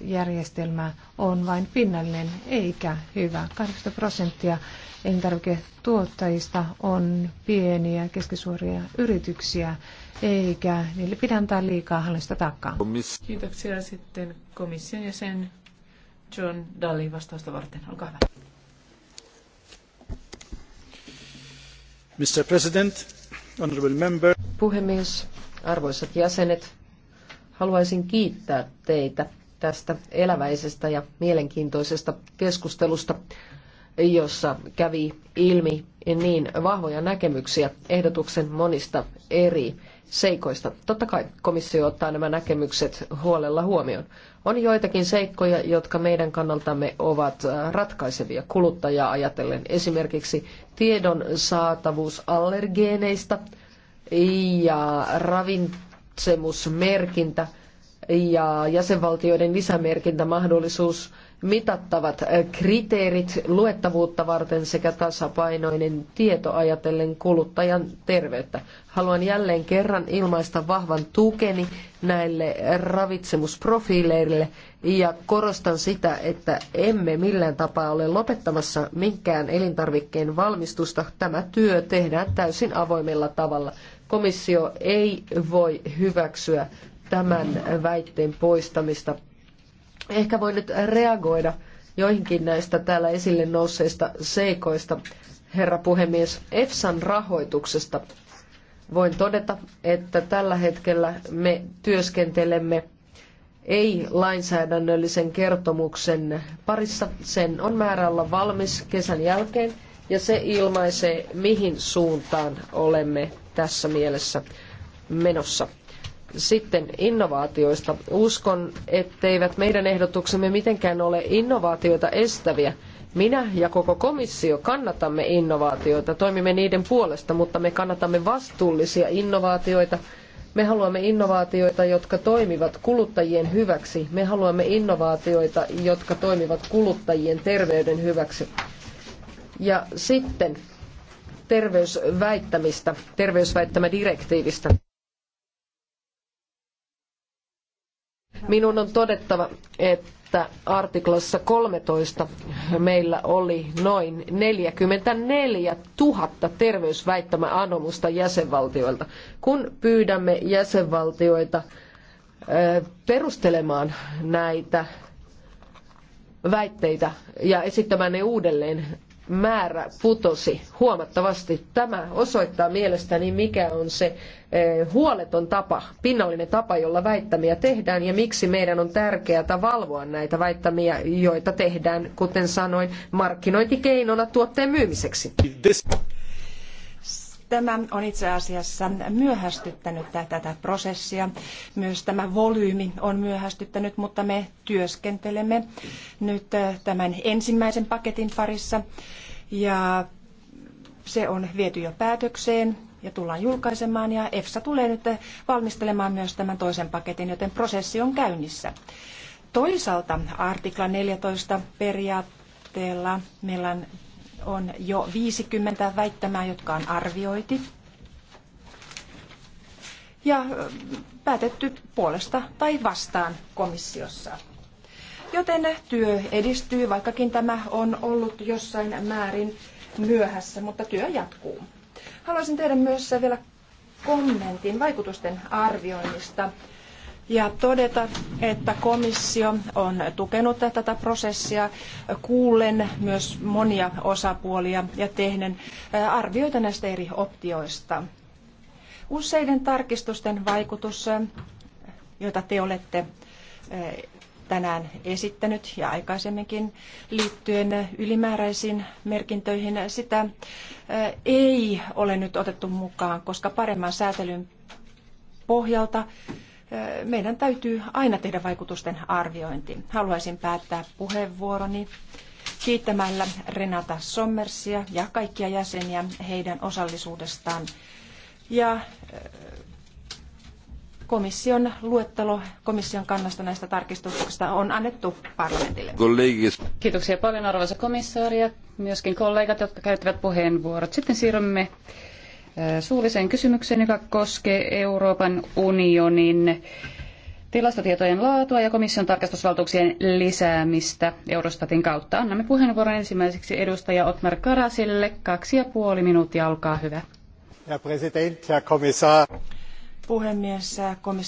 järjestelmä on vain pinnallinen eikä hyvä. 80 prosenttia elintarviketuottajista on pieniä keskisuoria yrityksiä, eikä niille pidä antaa liikaa hallista takaa. Kiitoksia sitten komission jäsen John Dalli vastausta varten. Olkaa hyvä. Mr. President, honorable member. Puhemies, arvoisat jäsenet, Haluaisin kiittää teitä tästä eläväisestä ja mielenkiintoisesta keskustelusta, jossa kävi ilmi niin vahvoja näkemyksiä ehdotuksen monista eri seikoista. Totta kai komissio ottaa nämä näkemykset huolella huomioon. On joitakin seikkoja, jotka meidän kannaltamme ovat ratkaisevia kuluttajaa ajatellen. Esimerkiksi tiedon saatavuus allergeeneista ja ravintoa katsemusmerkintä ja jäsenvaltioiden lisämerkintämahdollisuus mitattavat kriteerit luettavuutta varten sekä tasapainoinen tieto ajatellen kuluttajan terveyttä. Haluan jälleen kerran ilmaista vahvan tukeni näille ravitsemusprofiileille ja korostan sitä, että emme millään tapaa ole lopettamassa minkään elintarvikkeen valmistusta. Tämä työ tehdään täysin avoimella tavalla. Komissio ei voi hyväksyä tämän väitteen poistamista. Ehkä voin nyt reagoida joihinkin näistä täällä esille nousseista seikoista. Herra puhemies, EFSAn rahoituksesta voin todeta, että tällä hetkellä me työskentelemme ei-lainsäädännöllisen kertomuksen parissa. Sen on määrä olla valmis kesän jälkeen ja se ilmaisee, mihin suuntaan olemme tässä mielessä menossa. Sitten innovaatioista. Uskon, etteivät meidän ehdotuksemme mitenkään ole innovaatioita estäviä. Minä ja koko komissio kannatamme innovaatioita, toimimme niiden puolesta, mutta me kannatamme vastuullisia innovaatioita. Me haluamme innovaatioita, jotka toimivat kuluttajien hyväksi. Me haluamme innovaatioita, jotka toimivat kuluttajien terveyden hyväksi. Ja sitten terveysväittämistä, terveysväittämädirektiivistä. Minun on todettava, että artiklassa 13 meillä oli noin 44 000 terveysväittämäanomusta jäsenvaltioilta. Kun pyydämme jäsenvaltioita perustelemaan näitä väitteitä ja esittämään ne uudelleen määrä putosi huomattavasti. Tämä osoittaa mielestäni, mikä on se eh, huoleton tapa, pinnallinen tapa, jolla väittämiä tehdään ja miksi meidän on tärkeää valvoa näitä väittämiä, joita tehdään, kuten sanoin, markkinointikeinona tuotteen myymiseksi. Tämä on itse asiassa myöhästyttänyt tätä prosessia. Myös tämä volyymi on myöhästyttänyt, mutta me työskentelemme nyt tämän ensimmäisen paketin parissa. Ja se on viety jo päätökseen ja tullaan julkaisemaan ja EFSA tulee nyt valmistelemaan myös tämän toisen paketin, joten prosessi on käynnissä. Toisaalta artikla 14 periaatteella meillä on on jo 50 väittämää, jotka on arvioiti. Ja päätetty puolesta tai vastaan komissiossa. Joten työ edistyy, vaikkakin tämä on ollut jossain määrin myöhässä, mutta työ jatkuu. Haluaisin tehdä myös vielä kommentin vaikutusten arvioinnista ja todeta, että komissio on tukenut tätä prosessia kuullen myös monia osapuolia ja tehden arvioita näistä eri optioista. Useiden tarkistusten vaikutus, jota te olette tänään esittänyt ja aikaisemminkin liittyen ylimääräisiin merkintöihin, sitä ei ole nyt otettu mukaan, koska paremman säätelyn pohjalta meidän täytyy aina tehdä vaikutusten arviointi. Haluaisin päättää puheenvuoroni kiittämällä Renata Sommersia ja kaikkia jäseniä heidän osallisuudestaan. Ja komission luettelo komission kannasta näistä tarkistuksista on annettu parlamentille. Kollegis. Kiitoksia paljon arvoisa komissaari ja myöskin kollegat, jotka käyttävät puheenvuorot. Sitten siirrymme suulliseen kysymykseen, joka koskee Euroopan unionin tilastotietojen laatua ja komission tarkastusvaltuuksien lisäämistä Eurostatin kautta. Annamme puheenvuoron ensimmäiseksi edustaja Otmar Karasille. Kaksi ja puoli minuuttia, olkaa hyvä. Herr Präsident, Herr Kommissar. Puhemies, komissio